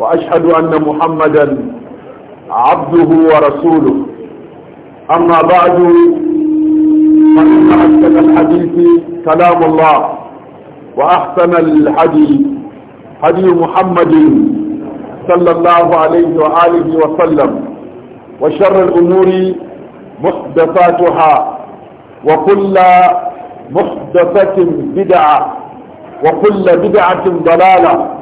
وأشهد أن محمدا عبده ورسوله أما بعد فإن أحسن الحديث كلام الله وأحسن الحديث هدي محمد صلى الله عليه وآله وسلم وشر الأمور محدثاتها وكل محدثة بدعة وكل بدعة ضلالة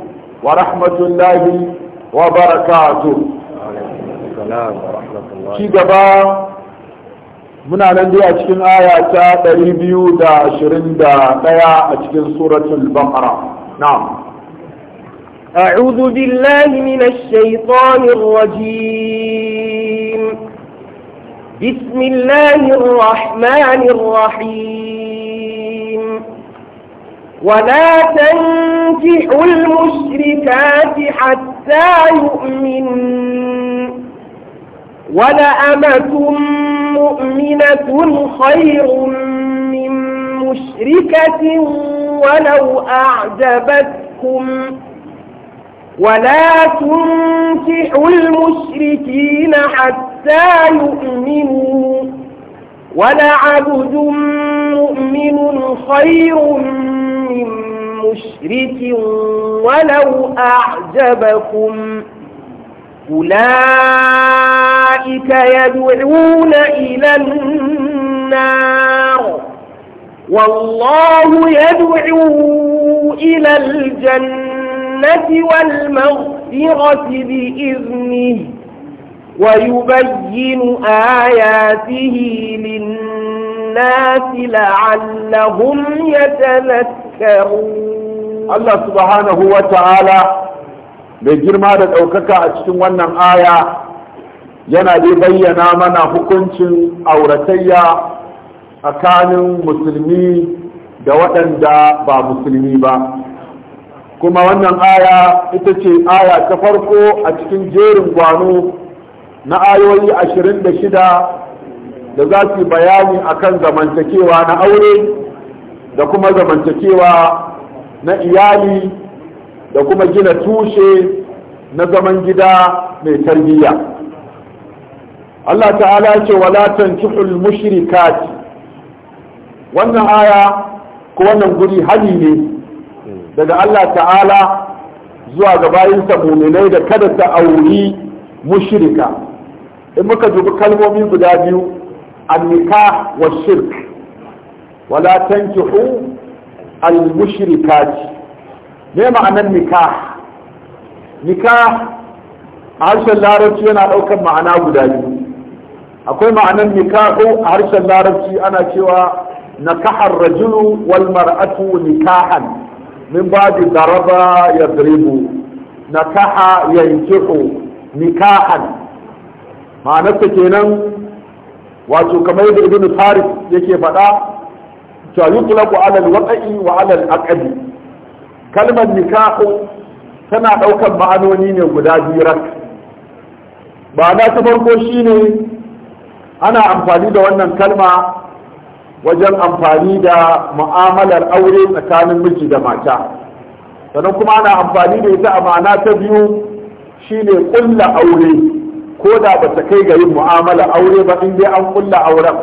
ورحمة الله وبركاته السلام ورحمة الله شي gaba muna nan dai a cikin aya ta 221 a cikin suratul baqara na'am أعوذ بالله من الشيطان الرجيم بسم الله الرحمن الرحيم ولا تنكحوا المشركات حتى يؤمنوا ولأمة مؤمنة خير من مشركة ولو أعجبتكم ولا تنكحوا المشركين حتى يؤمنوا ولعبد مؤمن خير من من مشرك ولو أعجبكم أولئك يدعون إلى النار والله يدعو إلى الجنة والمغفرة بإذنه ويبين آياته للناس للناس لعلهم يتذكرون الله سبحانه وتعالى mai girma da ɗaukaka a cikin wannan aya yana da bayyana mana hukuncin auratayya tsakanin musulmi da waɗanda ba musulmi ba kuma wannan aya ita ce aya ta farko a cikin jerin gwano na ayoyi ashirin da shida da za su bayani akan zamantakewa na aure da kuma zamantakewa na iyali da kuma gina tushe na zaman gida mai tarbiyya Allah ta'ala ce wala tankihul mushrikati wannan aya ko wannan guri hali ne daga Allah ta'ala zuwa ga bayinsa muminai da kada ta auri mushirika. in muka dubi kalmomi guda biyu النكاح والشرك ولا تنكحوا المشركات ما معنى النكاح نكاح عشان لا رجي انا لو كان معنا غدالي اكوي معنى النكاح عشان لا رجي انا كيوا نكح الرجل والمرأة نكاحا من بعد ضربا يضرب نكح ينكح نكاحا معنى كده wato kamar yadda ibn faris yake faɗa cewa yutlaqu ala al-waqi wa ala al kalmar Nika'u tana ɗaukar ma'anoni ne guda biyu ba na ta farko shine ana amfani da wannan kalma wajen amfani da mu'amalar aure tsakanin miji da mata sannan kuma ana amfani da ita a ma'ana ta biyu shine ƙulla aure ko da ba ta kai ga yin mu'amala aure ba in dai an kulla auren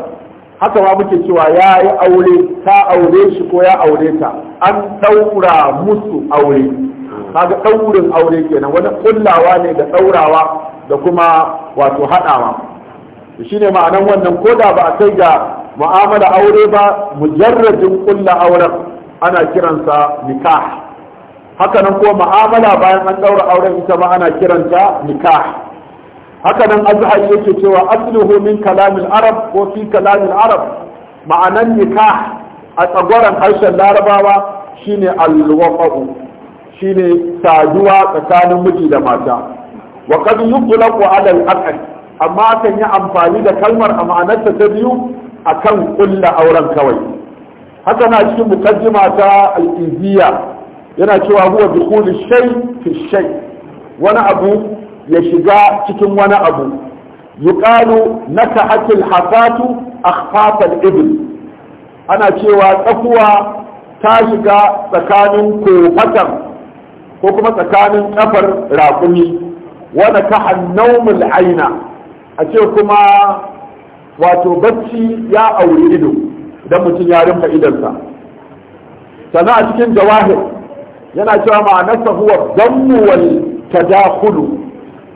haka ma muke cewa ya yi aure ta aure shi ko ya aure ta an ɗaura musu aure kaga ɗaurin aure kenan wani kullawa ne da ɗaurawa da kuma wato haɗawa shi ne ma'anan wannan ko da ba a kai ga mu'amala aure ba mujarradin kulla auren ana kiransa nikah haka nan ko mu'amala bayan an ɗaura auren ita ma ana kiranta nikah haka nan azhar yake cewa asluhu min kalamil arab ko fi kalamil arab ma'anan nikah a tsagwaron harshen larabawa shine alwafa'u shine saduwa tsakanin miji da mata wa qad yuqlaqu ala al amma kan yi amfani da kalmar a ma'anarta ta biyu akan kulla auren kawai haka na cikin mukaddima ta al-izziya yana cewa huwa dukhulu shay fi shay wani abu ya shiga cikin wani abu yuqalu nakahatil hasatu akhfatal ibl ana cewa tsakuwa ta shiga tsakanin kofatan ko kuma tsakanin kafar raƙumi wanda ta hannaumul aina a ce kuma wato bacci ya auri ido idan mutum ya rufe idonsa sannan a cikin jawahir yana cewa ma'anarsa huwa zammu tadakhulu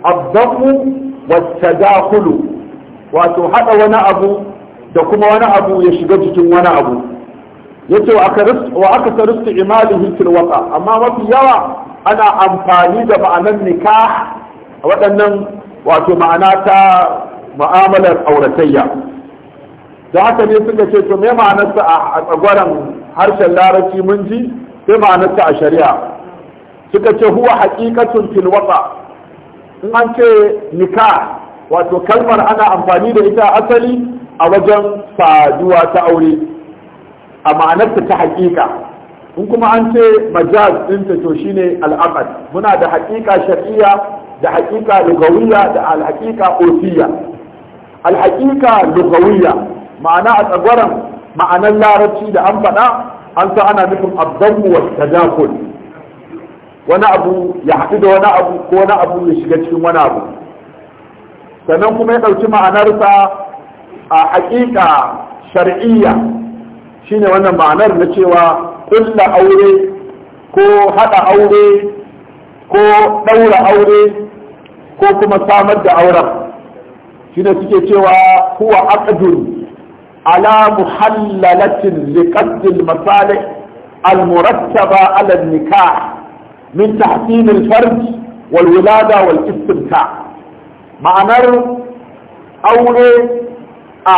abdamu wata dakulu wato haɗa wani abu da kuma wani abu ya shiga jikin wani abu yace wa aka sarustu imalihi fil waqa amma mafi yawa ana amfani da ma'anar nikah a waɗannan wato ma'ana ta mu'amalar auratayya da haka ne suka ce to me ma'anarsa a tsagwaron harshen larabci mun ji sai ma'anarsa a shari'a suka ce huwa haƙiƙatun fil in an ce nika wato kalmar ana amfani da ita asali a wajen faduwa ta aure a ma'anarta ta hakika in kuma an ce majaz ɗinta to shine al'aqad muna da hakika shar'iyya da hakika lugawiyya da alhakika urfiyya alhakika lugawiyya ma'ana a tsagwaran ma'anar larabci da an faɗa an sa ana nufin abdammu wa tadakul wani abu ya haɗu da wani abu ko wani abu ya shiga cikin wani abu sannan kuma ya ɗauki ma'anarsa a haƙiƙa shar'iyya shine wannan ma'anar na cewa ƙulla aure ko haɗa aure ko ɗaura aure ko kuma samar da auren shine suke cewa kuwa aqdun ala muhallalatin liqaddil masalih almurattaba ala nikah min tahsin al-farj wal wal istimta ma'anar aure a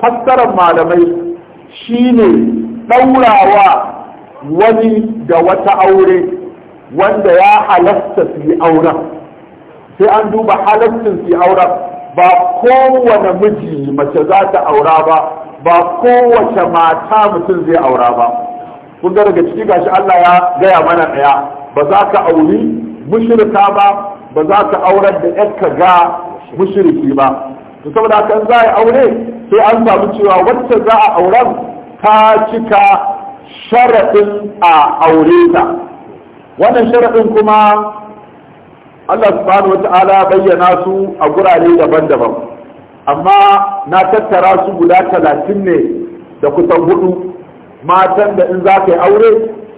fassarar malamai shine daurawa wani da wata aure wanda ya halasta su yi auren sai an duba halastin su yi auren ba kowane miji mace za ta aura ba ba kowace mata mutum zai aura ba kun ga daga ciki gashi Allah ya gaya mana ɗaya ba za ka auri mushrika ba ba za ka aurar da ka ga mushriki ba to saboda kan za a aure sai an samu cewa wacce za a auren ta cika sharaɗin a aure ta wannan sharaɗin kuma Allah subhanahu wata'ala bayyana su a gurare daban-daban amma na tattara su guda talatin ne da kusan hudu matan da in za ka yi aure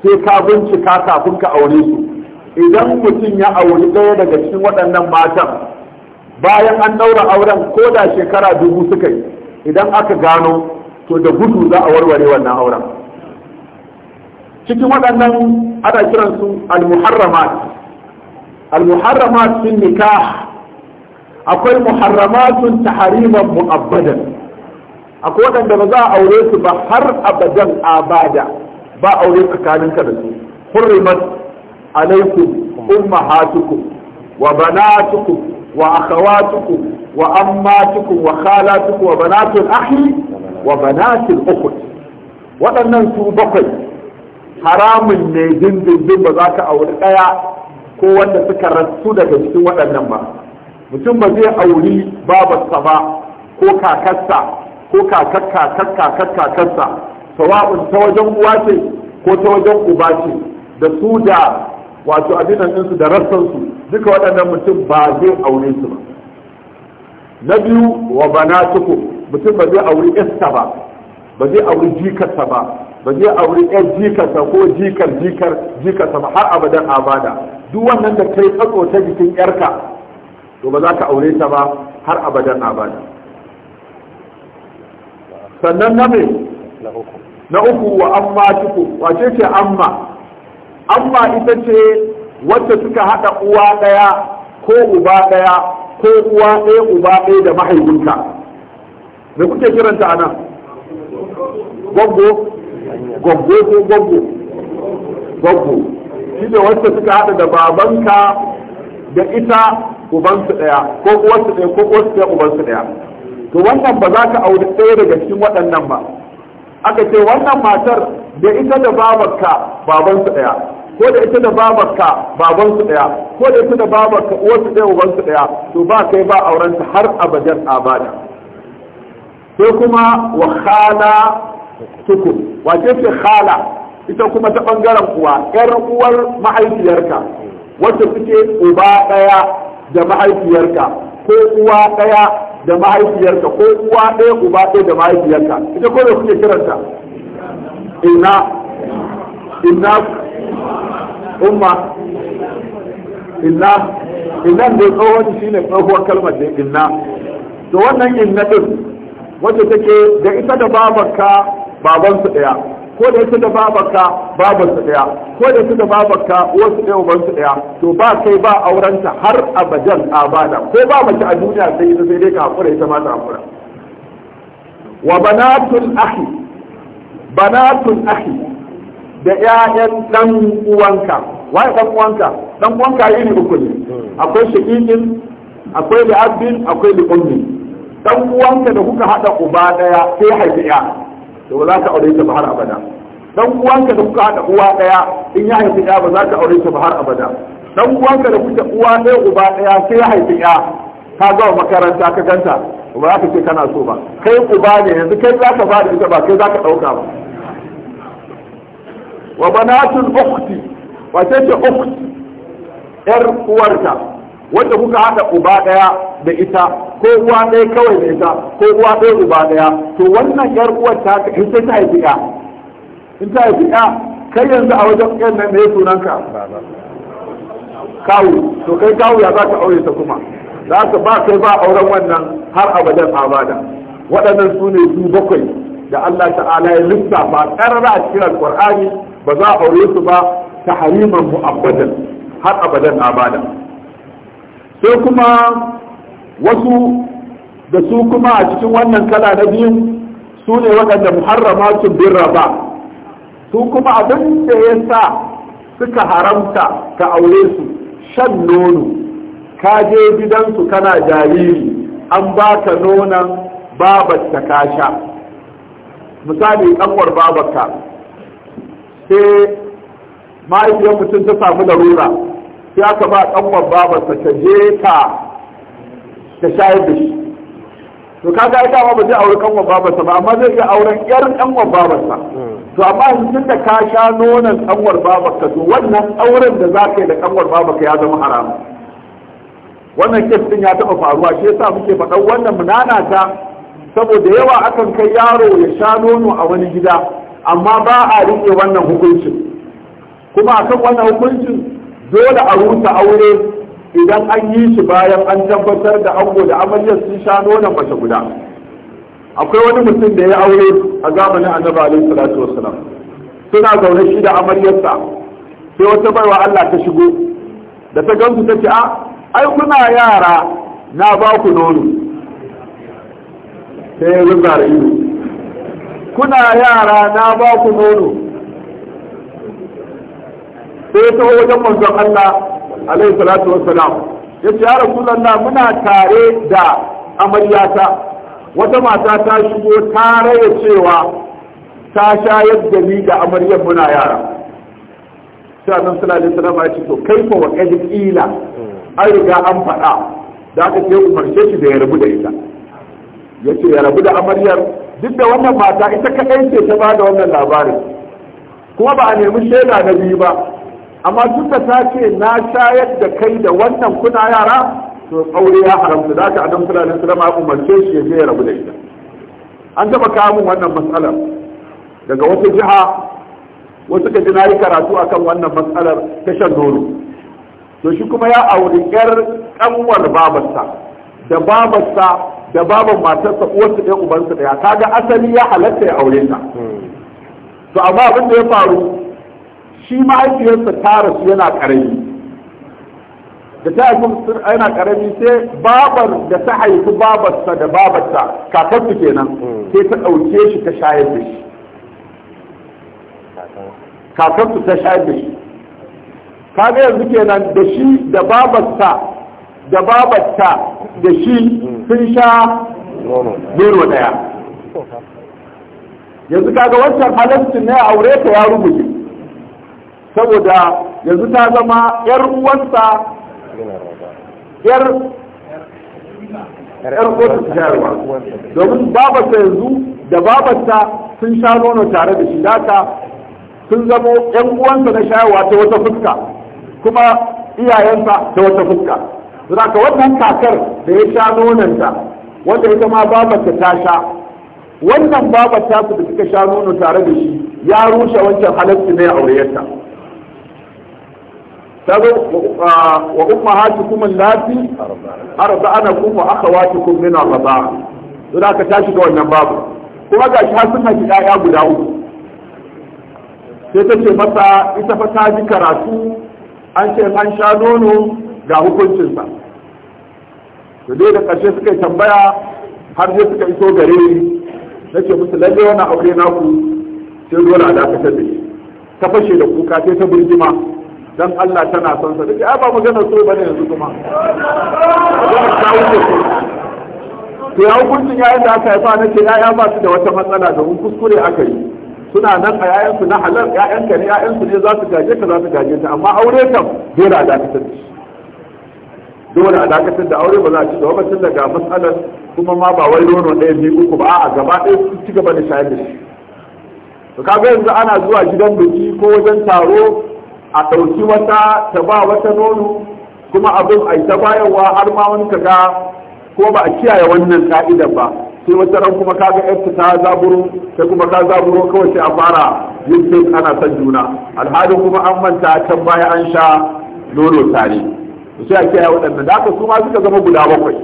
sai ka bincika kafin ka aure su idan mutum ya auri ɗaya daga cikin waɗannan matan bayan an ɗaura auren ko da shekara dubu suka yi idan aka gano to da gudu za a warware wannan auren cikin waɗannan ana kiransu al-muharramat al-muharramat sun nikah akwai muharramatun tahariman mu'abbadan akwai waɗanda ba za a aure su ba har abadan abada ba aure tsakanin ka da su hurrimat alaikum ummahatukum wa banatukum wa akhawatukum wa ammatukum wa khalatukum wa banatul akhi wa banatul ukhti waɗannan su bakwai haramun ne dindindin ba za ka auri ɗaya ko wanda suka rasu daga cikin waɗannan ba mutum ba zai auri babarsa ba ko kakarsa ko kakar kakar ta wajen uwa ce ko ta wajen uba ce da su da wato abinan da rassansu duka waɗannan mutum ba zai aure su ba na biyu wa banatukum mutum ba zai aure ba ba zai aure ta ba ba zai aure jikarsa ko jikar jikar jikarsa har abadan abada duk wannan da kai tsatso ta jikin yarka to ba za ka aure ta ba har abadan abada sannan na me na uku wa amma tuku wace ce amma amma ita ce wacce suka haɗa uwa ɗaya ko uba ɗaya ko uwa ɗaya uba ɗaya da mahaifinka me kuke kiranta a nan gwaggo gwaggo ko gwaggo gwaggo shi ne wacce suka haɗa da babanka da ita ubansu ɗaya ko uwarsu ɗaya ko uwarsu ɗaya ubansu ɗaya to wannan ba za ka auri ɗaya daga cikin waɗannan ba aka ce wannan matar da ita da babarka babansu ɗaya ko da ita da babarka babansu ɗaya ko da ita da babarka uwarsu ɗaya ubansu ɗaya to ba kai ba aurensa har abadan abada sai kuma wa khala tuku wace ce khala ita kuma ta bangaren uwa yar uwar mahaifiyarka wacce suke uba ɗaya da mahaifiyarka ko uwa ɗaya. da mahaifiyarka ko uwa ɗaya uba ɗaya da mahaifiyarka ita ko da kuke kiranta inna inna umma inna inna da tsohon shi ne tsohuwar kalmar da inna to wannan inna din wacce take da ita da babanka babansu ɗaya ko da yake da babarka babar su daya ko da yake da babarka wasu daya uban su daya to ba kai ba aurenta har abadan abada ko ba mace a duniya sai ita sai dai ka hakura ita ma ta hakura wa banatul akhi banatul akhi da ƴaƴan dan uwanka wai dan uwanka dan uwanka iri uku ne akwai shaqiqin akwai li'abin akwai ummi dan uwanka da kuka hada uba daya sai haifi ya to ba za ka aure ta ba har abada dan uwanka da kuka haɗa uwa ɗaya in ya haifi ɗaya ba za ka aure ta ba har abada dan uwanka da kuka uwa ɗaya uba ɗaya sai ya haifi ɗaya ka ga makaranta ka ganta ba za ka ce kana so ba kai uba ne yanzu kai za ka bada ita ba kai za ka ɗauka ba wa banatul ukhti wa ce ukhti yar uwarta wanda kuka haɗa uba ɗaya da ita ko uwa ɗaya kawai da ita ko uwa ɗaya uba ɗaya to wannan yar uwar ta in sai ta haifi ɗa in ta haifi ɗa kai yanzu a wajen ƴan nan ne sunanka kawu to kai kawu ya za ka aure ta kuma za ka ba kai ba auren wannan har abadan abada waɗannan su ne su bakwai da Allah ta'ala ya lissafa ƙarara a cikin alƙur'ani ba za a aure su ba ta hariman mu abadan har abadan abada sai kuma wasu da su kuma a cikin wannan kala na biyu su ne waɗanda muharrama sun birra ba su kuma abin da ya sa suka haramta ka aure su shan nono ka je gidansu kana jariri an ba ka nonan babar ta kasha misali ɗanwar babarka sai mahaifiyar mutum ta samu larura ya ka ba kanwar babansa ta je ta ta shayar da shi to kaga ai dama ba zai aure kanwar babansa ba amma zai iya auren yar kanwar babansa to amma tun da ka sha nonon kanwar babarka to wannan auren da za ka yi da kanwar babarka ya zama haram wannan kes din ya taɓa faruwa shi yasa muke faɗan wannan munana ta saboda yawa akan kai yaro ya sha nono a wani gida amma ba a riƙe wannan hukuncin kuma akan wannan hukuncin dole a rusa aure idan an yi shi bayan an tabbatar da ango da amaryar sun sha nonon mace guda akwai wani mutum da ya aure a zamanin annabi alaihi salatu salam? suna zaune shi da amaryarsa sai wata baiwa Allah ta shigo da ta gansu ta ce a ai kuna yara na ba ku nono sai ya zuba ido kuna yara na ba ku nono sai ya taho wajen manzon Allah alaihi salatu wa salam ya ce ya rasulullah muna tare da amaryata wata mata ta shigo ta raya cewa ta shayar da ni da amaryar muna yara sai annabi sallallahu alaihi wasallam ya ce to kaifa wa qad kila an riga an faɗa da aka ce umarce shi da ya rabu da ita ya ce ya rabu da amaryar duk da wannan mata ita kaɗai ce ta ba da wannan labarin kuma ba a nemi shaida na biyu ba amma duk ta ce na shayar da kai da wannan kuna yara to aure ya haramta da ka adam sallallahu alaihi wasallam ya umarce shi ya je ya rabu da ita an taba kawo min wannan matsalar daga wata jiha wasu ka ji na yi karatu akan wannan matsalar ta shan nono to shi kuma ya auri yar kanwar babarsa da babarsa da baban matarsa uwarsa ɗaya ubansa ɗaya kaga asali ya halatta ya aure ta hmm. to amma abin da ya faru shi mahaifiyarsa ta rasu yana ƙarami da ta haifi yana ƙarami sai babar da ta haifi babarsa da babarsa kakarsu kenan sai ta ɗauke shi ta shayar da shi kakarsu ta shayar da shi kaga yanzu kenan da shi da babarsa da babarsa da shi sun sha nono ɗaya yanzu kaga wancan halittu ne aure ta ya rubuce saboda yanzu ta zama yar uwansa yar yar kotu domin babarsa yanzu da babarsa sun sha nono tare da shi daga sun zamo yan uwansa na shayarwa ta wata fuska kuma iyayensa ta wata fuska zaka wannan kakar da ya sha nononta wanda ita ma babarsa ta sha wannan babar su da suka sha nono tare da shi ya rushe wancan halarci na ya aureyarta Uh, wa ummahatukum allati arda'anakum wa akhawatukum min ar-rida'a dole aka tashi ga wannan babu kuma gashi har sun haifi ƴaƴa guda uku sai ta ce masa ita fa ta ji karatu an ce an sha nono ga hukuncinsa to dai da ƙarshe suka yi tambaya har sai suka iso gare ni na ce musu lalle wannan aure naku sai dole a dakatar da shi ta fashe da kuka sai ta birgima dan Allah tana son sa duk ba magana so bane yanzu kuma ta to ya hukuncin yayin da aka haifa nake yaya ba su da wata matsala domin kuskure aka yi suna nan a yayan su na halal yayan ka ne yayan su ne za su gaje ka za su gaje ta amma aure kam dole a dakatar da dole a dakatar da aure ba za a ci gaba tun daga matsalar kuma ma ba wai nono ɗaya biyu uku ba a gaba ɗaya su ci gaba da shayar da shi to kaga yanzu ana zuwa gidan biki ko wajen taro a ɗauki wata ta ba wata nono kuma abin a ta bayarwa har ma wani ga ko ba a kiyaye wannan ka'idar ba sai wata ran kuma kaga yarta ta zaburo sai kuma ka zaburo kawai sai a fara yin sai ana son juna alhalin kuma an manta can baya an sha nono tare sai a kiyaye waɗannan da aka su ma suka zama guda bakwai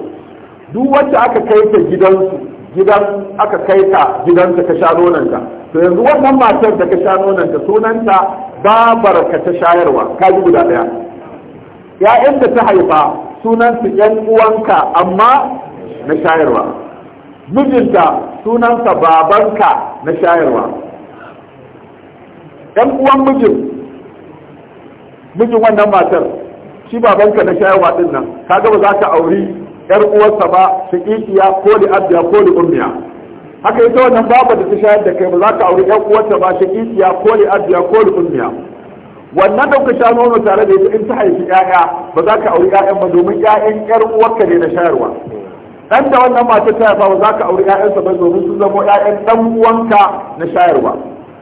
duk wacce aka kai ta gidansu gidan aka kai ta gidansa ka sha nonanta to yanzu wannan matar da ka sha nonanta sunanta babar ka ta shayarwa ka ji guda daya ya'yan da ta haifa sunan su yan uwanka amma na shayarwa mijinta sunansa babanka na shayarwa yan uwan mijin mijin wannan matar shi babanka na shayarwa din nan kaga ba za ka auri yar uwarsa ba shaqiqiya ko da abiya ko da ummiya haka ita wannan babu da ta shayar da kai ba za ka auri yan uwarta ba ta kisiya ko li abiya ko li ummiya wannan da kuka sha nono tare da ita in ta haifi ƴaƴa ba za ka aure ƴaƴan ba domin ƴaƴan ƴar uwarka ne na shayarwa ɗan da wannan mata ta haifa ba za ka aure ƴaƴansa ba domin sun zama ƴaƴan ɗan uwanka na shayarwa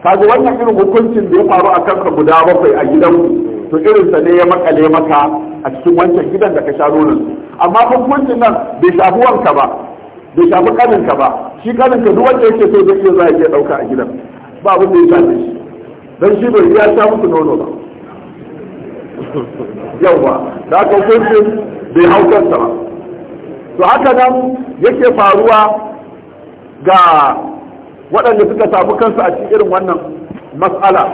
kaga wannan irin hukuncin da ya faru a kanka guda bakwai a gidan gidanku to irinsa ne ya makale maka a cikin wancan gidan da ka sha nonon amma hukuncin nan bai shafi wanka ba bai shafi kaninka ba shi kaninka duk wanda yake so zai iya za a iya ɗauka a gidan ba abin da ya shafe shi don shi bai ya sha muku nono ba yawwa da aka hukunci bai hau kansa ba to haka nan yake faruwa ga waɗanda suka samu kansu a cikin irin wannan matsala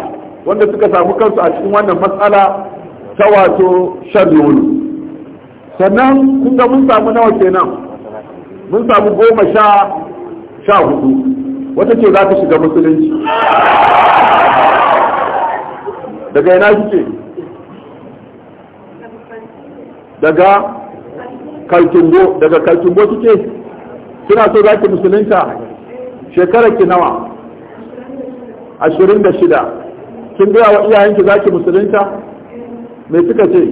wanda suka samu kansu a cikin wannan matsala ta wato shan sannan kun ga mun samu nawa kenan mun samu goma sha sha hudu wata ce za ta shiga musulunci daga ina kike daga kalkimbo daga kalkimbo kike kina so za ki musulunta shekarar ki nawa ashirin da shida kin gaya wa iyayenki za ki musulunta me suka ce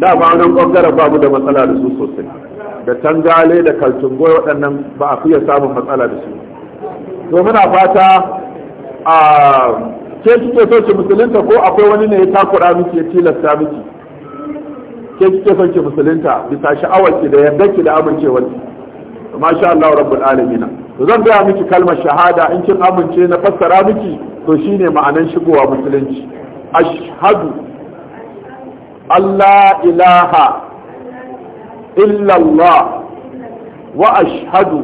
da ba nan ba babu da matsala da su sosai da tangale da kaltungo waɗannan ba a fiye samun matsala da su to muna fata a ke kike so ki musulunta ko akwai wani ne ya takura miki ya tilasta miki ke kike so ki musulunta bisa sha'awar ki da yarda ki da amincewar ki sha Allah rabbul alamin to zan ga miki kalmar shahada in kin amince na fassara miki to shine ma'anan shigowa musulunci ashhadu Allah ilaha إلا الله وأشهد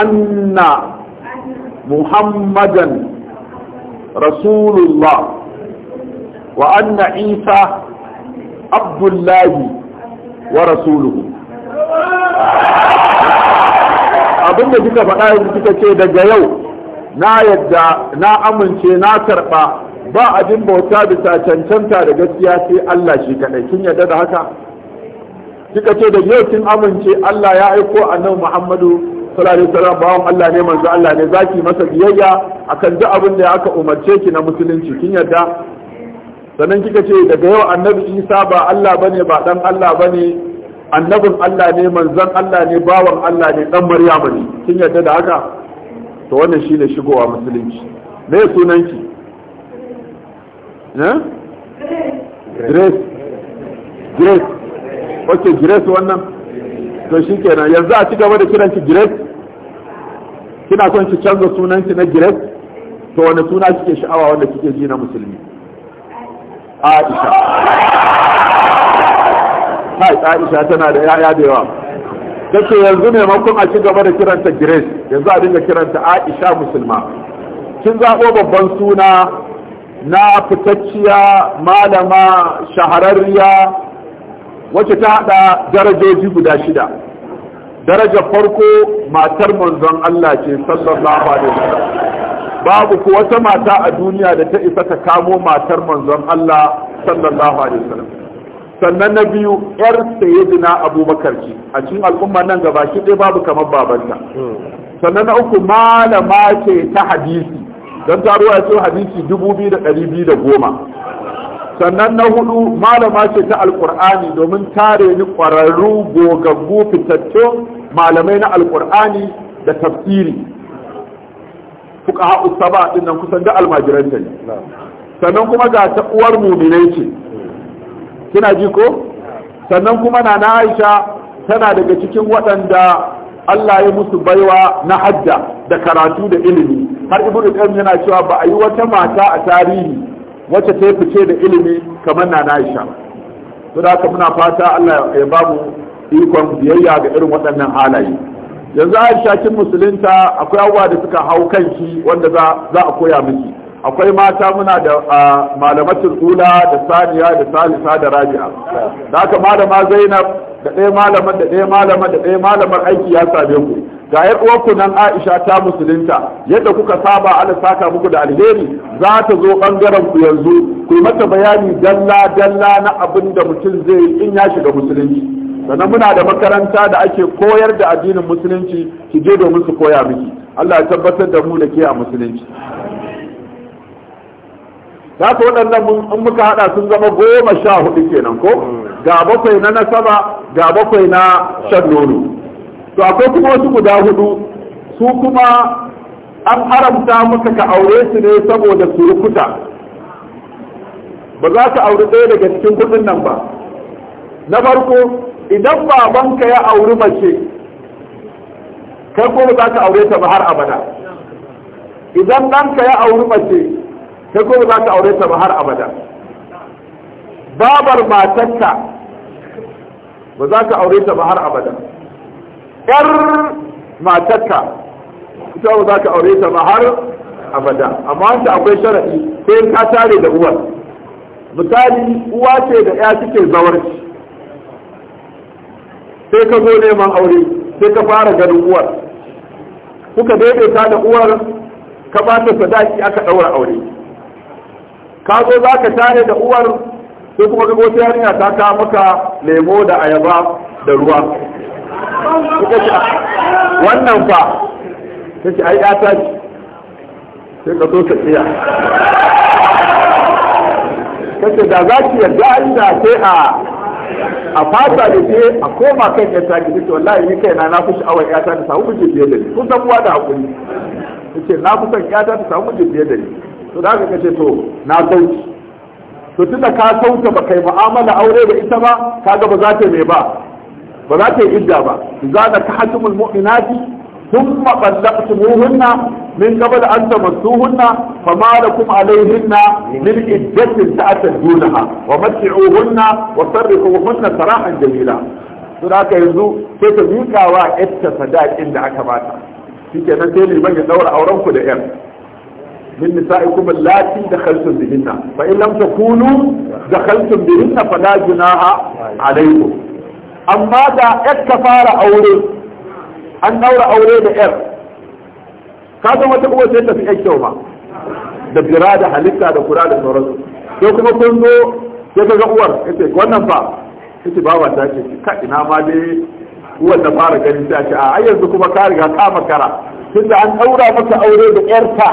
أن محمدا رسول الله وأن عيسى عبد الله ورسوله abin da kika faɗa yanzu kika ce daga yau na yadda na amince na karɓa ba abin bauta bisa cancanta da gaskiya sai Allah shi kaɗai kin yadda da haka suka ce da yau kin amince Allah ya aiko annabi Muhammadu sallallahu alaihi wasallam bawon Allah ne manzo Allah ne zaki masa biyayya akan duk abin da aka umarce ki na musulunci kin yadda sannan kika ce daga yau annabi Isa ba Allah bane ba dan Allah bane annabin Allah ne manzon Allah ne bawan Allah ne dan Maryama ne kin yadda da haka to wannan shine shigowa musulunci me ki eh Grace Grace ok grace wannan to shi kenan yanzu a ci gaba da kiranki grace kina son ki canza sunanki na grace to wani suna kike sha'awa wanda kike ji na musulmi aisha hai aisha tana da yaya da yawa take yanzu maimakon a ci gaba da kiranta grace yanzu a dinga kiranta aisha musulma kin zaɓo babban suna na fitacciya malama shahararriya wacce ta haɗa darajoji guda shida daraja farko matar manzon Allah ce sallallahu alaihi wasallam babu ko wata mata a duniya da ta isa ta kamo matar manzon Allah sallallahu alaihi wasallam sannan na biyu yar sayyidina abubakar ce a cikin al'umma nan gaba shi dai babu kamar babanta sannan na uku malama ce ta hadisi don ta ruwa ce hadisi dubu biyu da ɗari biyu da goma sannan na hudu malama ce ta alkur'ani domin tare ni kwararru gogaggu fitattun malamai na alkur'ani da tafsiri fuka haɗu saba din kusan da almajiran ne sannan kuma ga ta uwar muminai ce kina ji ko sannan kuma na na aisha tana daga cikin waɗanda Allah ya musu baiwa na hajja da karatu da ilimi har ibnu qayyim yana cewa ba a yi wata mata a tarihi wacce ta fice da ilimi kamar na isha to da aka muna fata Allah ya ba mu ikon biyayya ga irin waɗannan halaye yanzu Aisha kin musulunta akwai abubuwa da suka hau kan shi wanda za a koya miki akwai mata muna da malamatul ula da saniya da salisa da rabi'a da aka malama zainab da ɗaya malamar da ɗaya malamar da ɗaya malamar aiki ya same ku ga yar uwarku nan aisha ta musulunta yadda kuka saba ala saka muku da alheri za ta zo ɓangaren ku yanzu ku yi mata bayani dalla dalla na abin da mutum zai yi in ya shiga musulunci sannan muna da makaranta da ake koyar da addinin musulunci ki je domin su koya miki Allah ya tabbatar da mu da ke a musulunci za ka waɗannan in muka haɗa sun zama goma sha hudu kenan ko ga bakwai na nasaba ga bakwai na shan nono to akwai kuma wasu guda hudu su kuma an haramta maka ka aure su ne saboda surukuta ba za ka auri ɗaya daga cikin kudin nan ba na farko idan babanka ya auri mace kai ko ba za ka aure ta ba har abada idan ɗanka ya auri mace sai kuma za ka aure ta ba har abada babar matarka ba za ka aure ta ba har abada yar matarka ita ba za ka aure ta ba har abada amma wanda akwai sharaɗi sai ka tare da uwar misali uwa ce da ya suke zawarci sai ka zo neman aure sai ka fara ganin uwar kuka daidaita da uwar ka ba ta sadaki aka ɗaura aure ka zo za ka tare da uwar sai kuma ga wata yarinya ta ka maka lemo da ayaba da ruwa wannan fa ta ce ai ta ce sai ka zo ta tsaya ta ce da za ki yarda inda sai a a fata da ke a koma kan ya ta gidi wallahi ni kai na na fi sha'awar ya ta ta samu miji biye da ni kun san uwa da hakuri ce na kusan ya ta ta samu miji biye da ni su da aka kace to na sauci to tunda ka sauta ba kai mu'amala aure da ita ba ka ga ba za ta mai ba ba za ta yi idda ba za ka ta hatimul mu'minati kun maɓanda su muhunna gaba da an tama suhunna da kuma alaihinna min iddatin ta ta juna ha wa mat'uhunna wa sarrihuhunna sarahan jamila su da aka yanzu sai ta miƙawa 'yar ta sadaƙin da aka bata shi kenan sai liman ya ɗaura auren ku da 'yar من نسائكم اللاتي دخلتم بهن فإن لم تكونوا دخلتم بهن فلا جناح عليكم أما دا اتكفار أولي أن نور أولي لإر كذا ما تقوى سيدنا في أي شوما da bira da halitta da kura da sauransu sai kuma kun zo ga uwar yace wannan fa yace baba ta ce ka ina ma dai uwar da fara gani ta ce a yanzu kuma ka riga ka tunda an ɗaura masa aure da yarta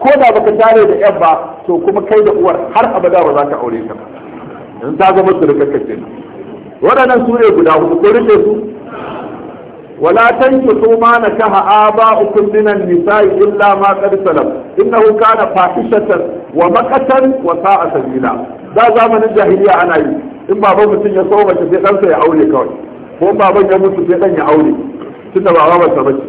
ko da baka tare da yan ba to kuma kai da uwar har abada ba za ka aure ta in ta zama su rika kace waɗannan su ne guda hudu ko rike su wala tankihu ma nakaha aba ukun dinan nisai illa ma qad salam innahu kana fahishatan wa maqatan wa sa'a sabila da zamanin jahiliya ana yi in baban mutum ya soba ta sai ɗansa ya aure kawai ko baban ya mutu sai ɗan ya aure tunda ba babansa bace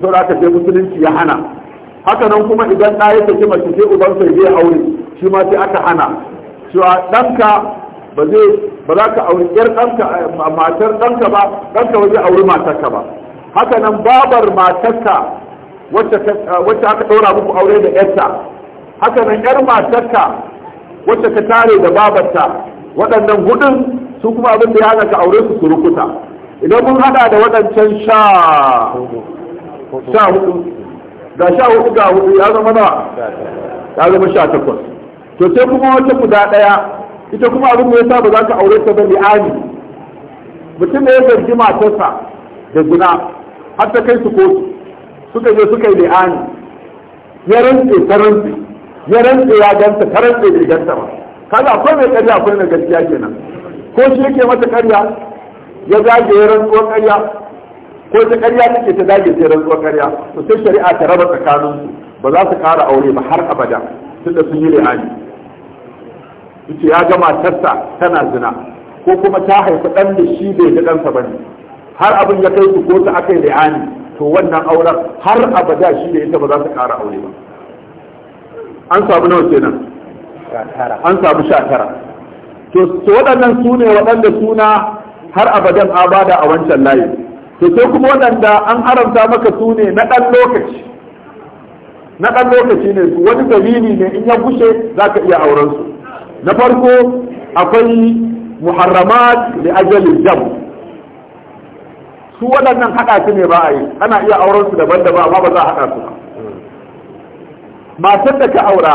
saboda haka sai musulunci ya hana haka nan kuma idan ɗaya ya ke mace sai uban sai zai aure shi ma sai aka hana cewa ɗanka ba zai ba za ka auri ƴar ɗanka matar ɗanka ba ɗanka ba zai auri matarka ba haka nan babar matarka wacce aka ɗora muku aure da ƴarta haka nan ƴar matarka wacce ka tare da babarta waɗannan gudun su kuma abin da ya hana ka aure su surukuta idan mun haɗa da waɗancan sha sha hudu ga sha hudu ga hudu ya zama nawa ya zama sha takwas to sai kuma wata guda ɗaya ita kuma abin da ya sa ba za ka aure ta ba li'ani mutum da ya zargi matarsa da guna har ta kai su kotu suka je suka yi li'ani ya rantse ta rantse ya rantse ya ganta ta rantse bai ganta ba kaga akwai mai karya akwai na gaskiya kenan ko shi yake mata karya ya zage ya rantsuwar karya ko ta ƙarya take ta dage sai rantsuwar ƙarya to sai shari'a ta raba tsakanin ba za su ƙara aure ba har abada da sun yi la'ani yace ya gama matarsa tana zina ko kuma ta haifi ɗan da shi bai ga ɗansa ba ne har abin ya kai su ko ta aka yi la'ani to wannan auren har abada shi da ita ba za su ƙara aure ba an samu nawa kenan an samu sha tara to waɗannan su ne waɗanda suna har abadan abada a wancan layi to sai kuma waɗanda an haramta maka su ne na ɗan lokaci na ɗan lokaci ne su wani dalili ne in ya gushe za ka iya auren su na farko akwai muharramat da ajalin jam su waɗannan haɗa su ne ba a yi ana iya auren su daban-daban amma ba za a haɗa su matar da ka aura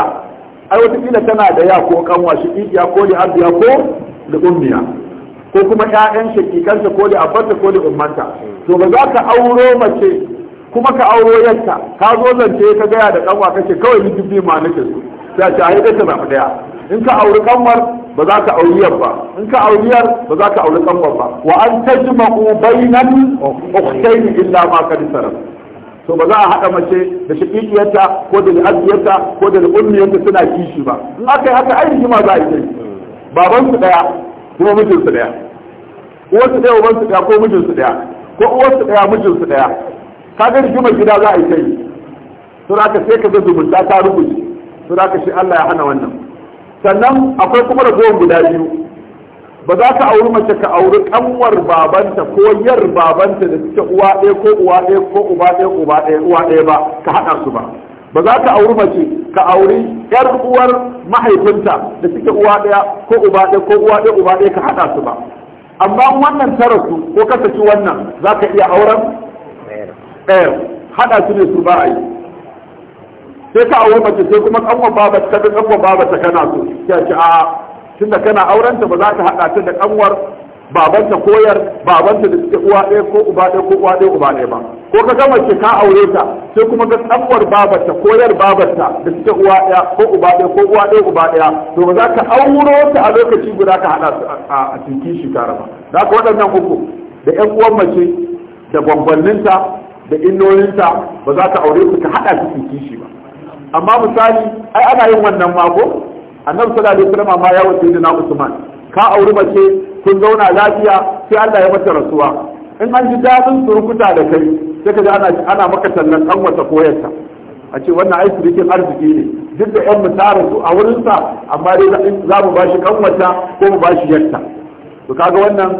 ai wata tana da ya ko kanwa shi ya ko da ko da ummiya ko kuma ƴaƴan shakikansa ko da abbarta ko da ummanta to ba za ka auro mace kuma ka auro yanta ka zo zance ka gaya da kanwa kace kawai ni dubi ma nake su sai ce ai ta ba daya in ka auri kanwar ba za ka yar ba in ka yar ba za ka auri kanwar ba wa an tajma'u bainan ukhtayn illa ma kad sarf to ba za a haɗa mace da shaƙiƙiyarta ko da al'adiyarta ko da al'ummiyarta suna kishi ba in aka yi haka ai ma za a yi baban su ɗaya kuma mijin ɗaya uwarsu ɗaya su ɗaya ko mijin su ɗaya ko su ɗaya su ɗaya ka ga rigimar gida za a yi kai to da aka sai ka ga zumunta ta rubuce to da aka shi Allah ya hana wannan sannan akwai kuma ragowar guda biyu ba za ka auri mace ka auri kanwar babanta ko yar babanta da suke uwa ɗaya ko uwa ɗaya ko uba ɗaya uba ɗaya uwa ɗaya ba ka haɗa su ba ba za ka auri mace ka auri yar uwar mahaifinta da suke uwa ɗaya ko uba ɗaya ko uwa ɗaya uba ɗaya ka haɗa su ba amma wannan ta rasu ko kasace wannan za ka iya auren ɗayar haɗa su ne su ba yi sai ka auren mace sai kuma kanwa babar ta da babar ta kana so ya ce a tunda kana auren ta ba za ka haɗa ta da ƙanwar babanta koyar babanta da suke uwa ɗaya ko uba ɗaya ko uwa ɗaya uba ɗaya ba ko ka gama ce ka aure ta sai kuma ga tsabuwar babarta koyar babarta da suke uwa ɗaya ko uba ɗaya ko uwa ɗaya uba ɗaya to ba za ka auro ta a lokaci guda ka haɗa su a cikin shi tare ba za ka waɗannan uku da ƴan uwan mace da gwangwanninta da innoninta ba za ka aure su ka haɗa su cikin shi ba amma misali ai ana yin wannan mako annabi sallallahu alaihi wasallam ma ya wuce da na Usman ka auri mace kun zauna lafiya sai Allah ya mata rasuwa in an ji daɗin surkuta da kai sai ka ana ana maka tallan an wata koyarta a ce wannan aiki rikin arziki ne duk da yan ta su a wurin sa amma dai za mu ba shi kanwata ko mu ba shi yarta to kaga wannan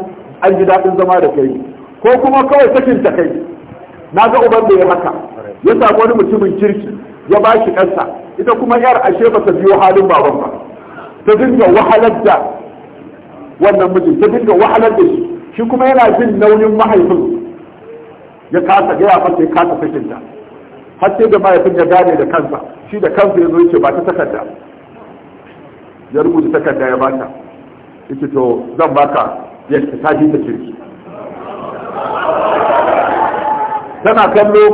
an ji daɗin zama da kai ko kuma kawai sakin ta kai na ga uban da ya haka ya samu wani mutumin kirki ya ba shi kansa ita kuma yar ashe ba ta biyo halin baban ba ta dinga wahalar da wannan mijin ta dinga wahalar da shi shi kuma yana jin nauyin mahaifin ya kasa gaya masa ya kasa sakinta har sai da mahaifin ya gane da kansa shi da kansa ya zo ce ba ta takarda ya rubuta takarda ya bata yace to zan baka ya ta ji ta kirki tana kallo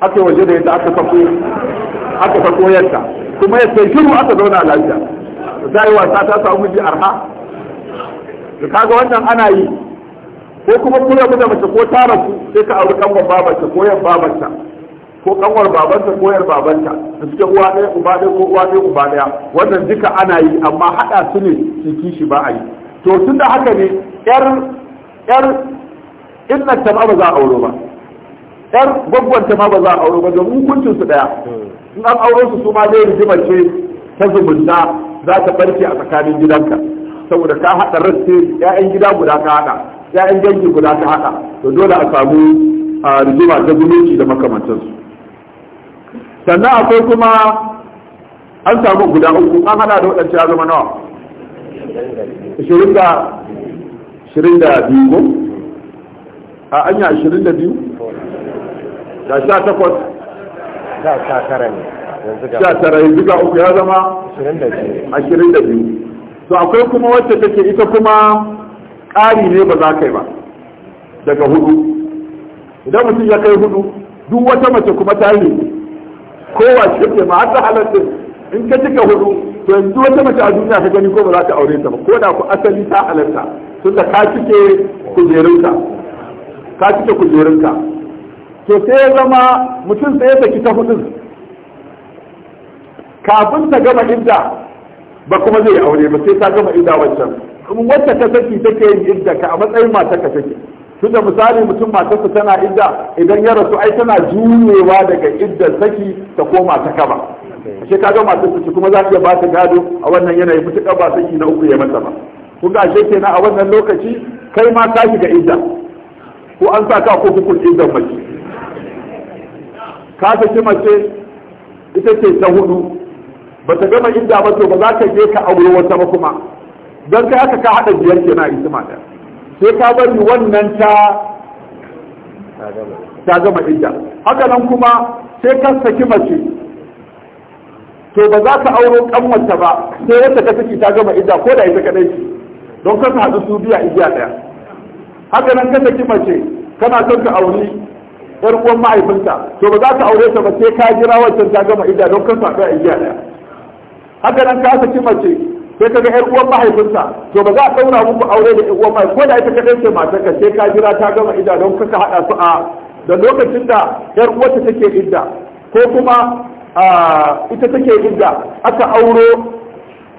aka yi waje da yadda aka sako aka sako yadda kuma ya sai shiru aka zauna lafiya a yi wasa ta samu ji arha Ka kaga wannan ana yi ko kuma kula da mace ko ta rasu sai ka auri kanwar babanta ko yan babanta ko kanwar babanta ko yan babanta da suke uwa ɗaya uba ɗaya ko uwa ɗaya uba ɗaya wannan duka ana yi amma haɗa su ne su kishi ba a yi to tun da haka ne yar yar inna ta ba za a auro ba yar gwaggwanta ma ba za a auro ba domin hukuncin su ɗaya in an auro su su ma dai rigimar ce ta zumunta za ta barke a tsakanin gidanka saboda ka haɗa rasse ya'yan gida guda ka haɗa ya'yan dangi guda ka haɗa to dole a samu rigima ta zumunci da makamantansu sannan akwai kuma an samu guda uku an haɗa da waɗancan ya zama nawa ashirin da da biyu ko a anya ashirin da biyu da sha takwas sha tara yanzu ga uku ya zama ashirin da biyu to akwai kuma wacce take ita kuma ƙari ne ba za ka yi ba daga hudu idan mutum ya kai hudu duk wata mace kuma ta yi kowa shi ke ma hata halatta in ka cika hudu to yanzu wata mace a duniya ka gani ko ba za ka aure ta ba ko da ku asali ta halatta tun da ka cike kujerunka ka cike kujerunka to sai ya zama mutum sai ya saki ta hudun kafin ta gama inda ba kuma zai aure ba sai ta gama ida wancan kuma wacce ta saki take yin idda ka a matsayin mata ka take tunda misali mutum matarsa tana idda idan ya rasu ai tana jurewa daga idda saki ta koma ta kaba ashe gama matarsa saki kuma za ka ba ta gado a wannan yanayi mutuka ba saki na uku ya mata ba kun ga ashe kenan a wannan lokaci kai ma ka shiga idda ko an sa ka ko hukun idda mace ka saki mace ita ce ta hudu ba ta gama inda ba to ba za ka je ka aure wata ba kuma don kai haka ka haɗa biyar kenan a isma ɗaya sai ka bari wannan ta ta gama idda haka nan kuma sai ka saki mace to ba za ka auro mace ba sai wata ka saki ta gama idda ko da ita kadai ce don ka haɗu su biya igiya ɗaya haka nan ka saki mace kana son ka auri yar uwan mahaifinta to ba za ka aure ta ba sai ka jira wancan ta gama idda don ka haɗu a igiya ɗaya haka nan ka saki mace sai kaga ƴar uwan mahaifinta to ba za a ɗaura muku aure da ƴar uwan mahaifinsa ko da ita kadai ce ka sai ka jira ta gama idda don ka haɗa su a da lokacin da ƴar uwarta take idda ko kuma ita take idda aka auro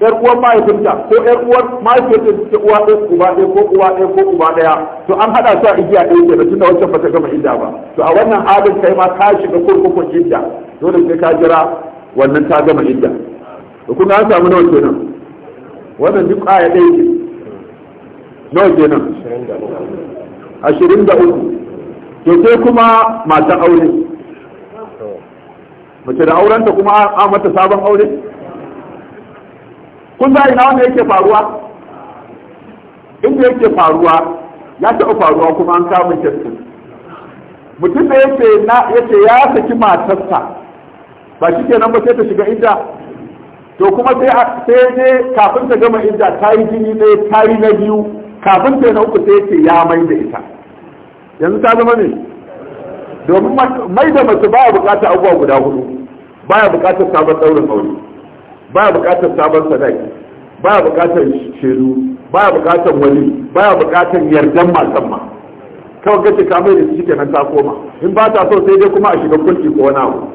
yar uwan mahaifinta ko yar uwan mahaifinta ta uwa ɗaya uba ɗaya ko uwa ɗaya ko uba ɗaya to an haɗa su a igiya ɗaya ke da tunda wancan ta gama idda ba to a wannan halin kai ma ka shiga kurkukun idda dole sai ka jira wannan ta gama idda da kuma an samu nawa kenan wannan duk aya ɗaya ce nawa kenan ashirin da uku to sai kuma matan aure mace da aurenta kuma an mata sabon aure kun za ina wanda yake faruwa inda yake faruwa ya taɓa faruwa kuma an samun kyaskin mutum da yake ya saki matarsa ba shi nan ba sai ta shiga inda to kuma sai a sai dai kafin ta gama inda ta yi jini ɗaya ta yi na biyu kafin ta na uku sai ce ya mai da ita yanzu ta zama ne domin mai da mace baya bukatar abubuwa guda hudu baya bukatar sabon daurin aure baya bukatar sabon ba baya bukatar shiru, baya bukatar wali baya bukatar yardan matan ma kawai gace ka mai da shi kenan ta koma in ba ta so sai dai kuma a shiga kulki ko wani abu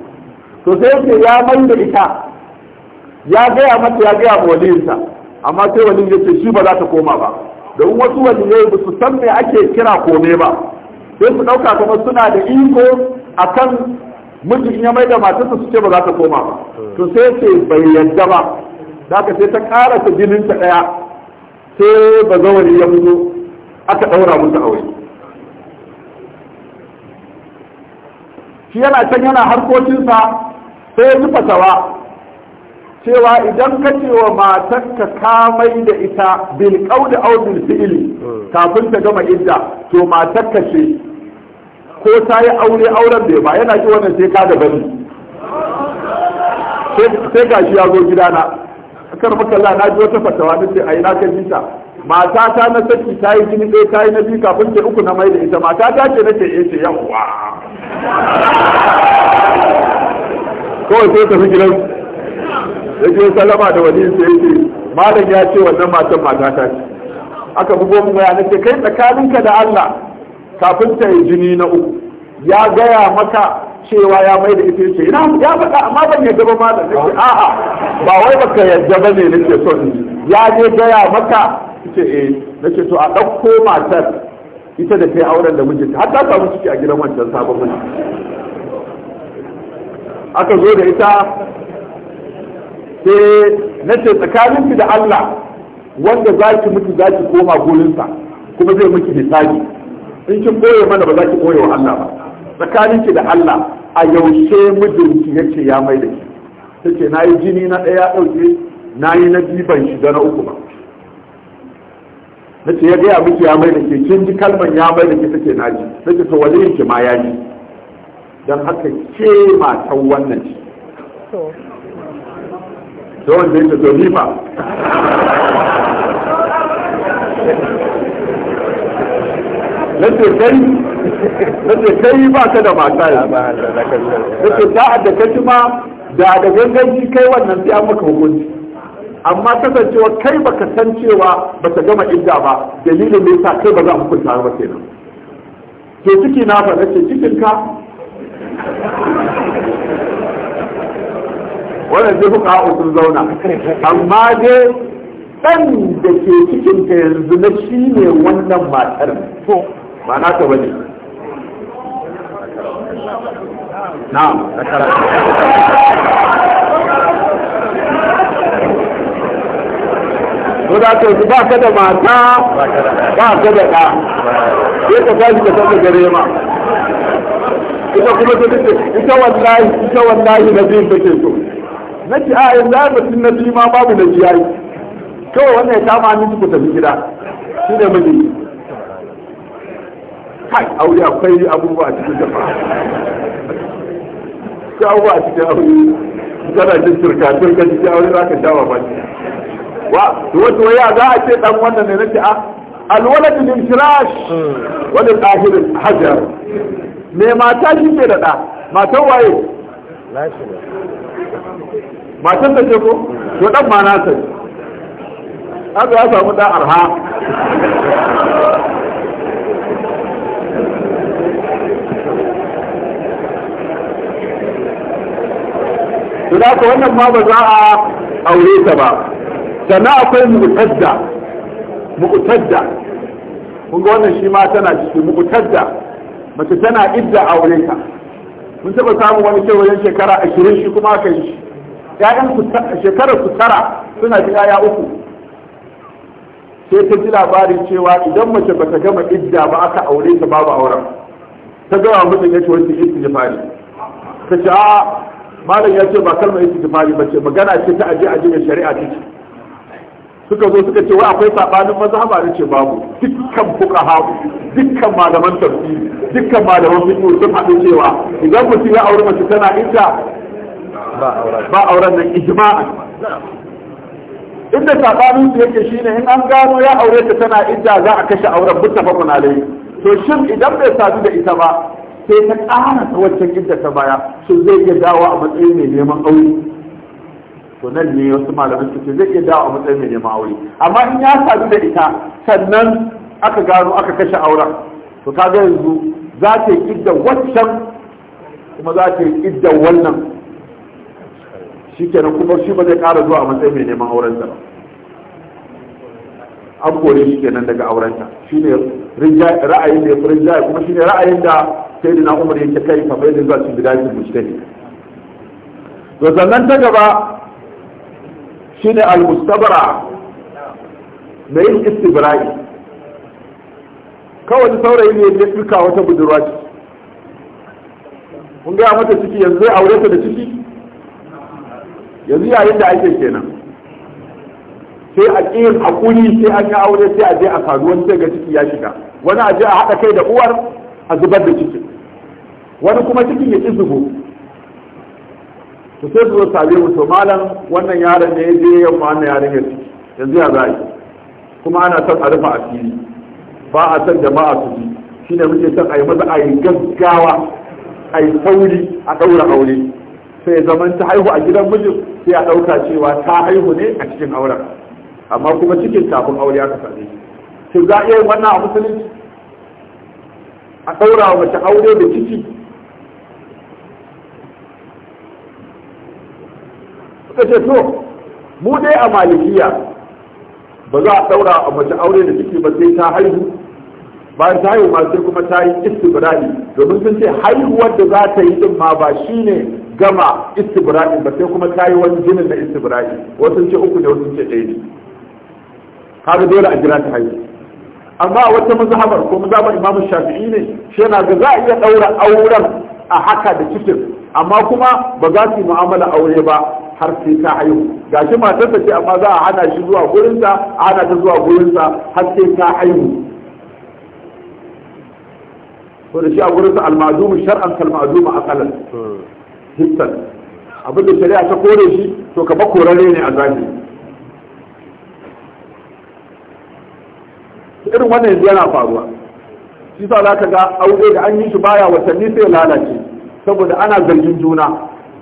to sai ce ya mai da ita ya gaya mata ya gaya wa waliyinta amma sai walin ya ce shi ba za ta koma ba domin wasu waliyai ba su san me ake kira kome ba sai su ɗauka kuma suna da iko akan mijin ya mai da matarsa su ce ba za ta koma ba to sai ce bai yadda ba da ka sai ta ƙara jininta ɗaya sai ba zawari ya mutu aka ɗaura musu aure shi yana can yana harkokinsa sai ya nufa fatawa cewa idan ka ce wa matarka ka mai da ita bil qawli au bil fi'li kafin ta gama idda to matarka ce ko ta aure auren bai ba yana ji wannan sai ka da bari sai gashi ya zo gidana kar makalla na ji wata fatawa na ce ai na ka ji ta mata ta na saki ta yi jini ɗaya ta yi na biyu kafin ta uku na mai da ita mata ta ce nake eh, ce yawwa kawai sai ta fi ya salama da wani sai ce malam ya ce wannan matan mata ta ce aka bugo mu waya ce, kai tsakaninka da Allah kafin ta yi jini na uku ya gaya maka cewa ya mai da ita ce ina ya faɗa amma ban yadda ba malam nace a'a ba wai baka yadda ba ne nace son ya je gaya maka eh. ce eh nace to a ɗauko matar ita da kai auren da mijinta har ta samu ciki a gidan wancan sabon miji aka zo da ita sai na ce tsakaninki da Allah wanda za ki mutu za ki koma gurinsa kuma zai miki hisabi in kin koye mana ba za ki koye wa Allah ba tsakaninki da Allah a yaushe mijinki ya ce ya mai da ki ta ce na yi jini na ɗaya ɗauke na yi na shi da na uku ba na ce ya gaya miki ya mai da ke kin ji kalman ya mai da ke ce na ji na ce to waliyin ki ma ya ji don haka ke matan wannan ce to wanda yake to ni ba nace kai nace kai ba ka da mata ya nace ta da ka ma da da gangaji kai wannan sai an maka hukunci amma kasancewa kai baka san cewa bata gama idda ba dalilin ne yasa kai ba za a hukunta ba kenan to ciki na fa nace cikin ka wannan dai fuka sun zauna amma dai ɗan da ke cikin ta yanzu na shi ne wannan matar to ba na ta bane na na karatu da ka ba ka da mata ba ka da ɗa sai ka tashi ka san gare ma ita kuma ta ita wallahi ita wallahi na zai take so nake a ah, yanzu ya mutum na biyu ma babu na ji yayi kawai wannan ya kama ni ku tafi gida shi ne miji kai aure akwai abubuwa a cikin jama'a shi abubuwa a cikin aure kana jin turka turka cikin aure za ka sha mamaki wa to wato ya za a ce dan wannan ne nake a ah, alwalad lil firash wa Wani akhir hajar me mata shi ke da da matan waye matan da ce ko to dan ma na sani aka ya samu dan arha to da ka wannan ma ba za a aure ta ba sannan akwai mu'tadda mu'tadda kun ga wannan shi ma tana cikin mu'tadda mace tana idda aure ta mun taba samu wani cewa shekara 20 shi kuma aka yi shi ‘ya’yan shekarar su tara suna da ƴaƴa uku sai ta ji labarin cewa idan mace ba ta gama idda ba aka aure ta babu auren ta gama mutum ya ce wani fari ta ce a malam ya ce ba kalmar fari ba ce magana ce ta ajiye ajiye mai shari'a ta ce suka zo suka ce wai akwai sabanin mazhaba da ce babu dukkan fuqaha dukkan malaman tafsiri dukkan malaman fiqh sun haɗu cewa idan mutum ya aure mace tana idda ba auren nan ijma'an inda sabanin su yake ne in an gano ya aure ta tana idda za a kashe auren muttafaqun alayhi to shin idan bai sadu da ita ba sai ta ƙara ta wancan idda ta baya su zai iya dawo a matsayin mai neman aure to nan ne wasu malamai su ce zai iya dawo a matsayin mai neman aure amma in ya sadu da ita sannan aka gano aka kashe auren to kaga yanzu za ta yi idda waccan kuma za ta yi idda wannan shikenan kuma shi ba zai ƙara zuwa a matsayin mai neman aurenta ba an kore shi kenan daga aurenta ne ra'ayin da ya fi rinjaye kuma shi ne ra'ayin da sai da na umar yake kai fa bai su gida su mushe ne to sannan ta gaba shi ne al-mustabara mai yin istibra'i kawai saurayi ne ya fika wata budurwa ce kun gaya mata ciki yanzu zai aure ta da ciki yanzu yayin da ake kenan sai a ƙin kuni sai an yi aure sai a je a sadu wani sai ga ciki ya shiga wani a je a haɗa kai da uwar a zubar da ciki wani kuma cikin ya ƙi zubo to sai zo sabe mu to malam wannan yaron ne ya je yamma wannan yaron ya ciki yanzu ya za kuma ana son a rufa fili ba a son jama'a su ji shine muke son a yi maza a yi gaggawa a yi sauri a ɗaura aure sai zama ta haihu a gidan mijin sai a ɗauka cewa ta haihu ne a cikin auren amma kuma cikin kafin aure aka same shi za a iya wannan a musulunci a ɗaura wa mace aure da ciki suka ce to mu dai a malikiya ba za a ɗaura a mace aure da ciki ba sai ta haihu bayan ta haihu ma sai kuma ta yi istibrani domin sun ce haihuwar da za ta yi din ma ba shine gama istibra'i ba sai kuma yi wani jinin na istibra'i wasu ce uku ne wasu ce ɗaya ne kaga dole a jira ta haihu amma wata mazhabar ko mazhabar imam shafi'i ne shi yana ga za a iya daura auren a haka da cikin amma kuma ba za su yi mu'amala aure ba har sai ta haihu gashi ta ce amma za a hana shi zuwa gurinsa a hana ta zuwa gurinsa har sai ta haihu ko da shi a gurinsa al-ma'dum shar'an kal-ma'dum aqalan hmm. hissan abinda shari'a ta kore shi to kaba korare ne a zahiri irin wannan yanzu yana faruwa shi sa za ka ga aure da an yi shi baya watanni sai lalace saboda ana zargin juna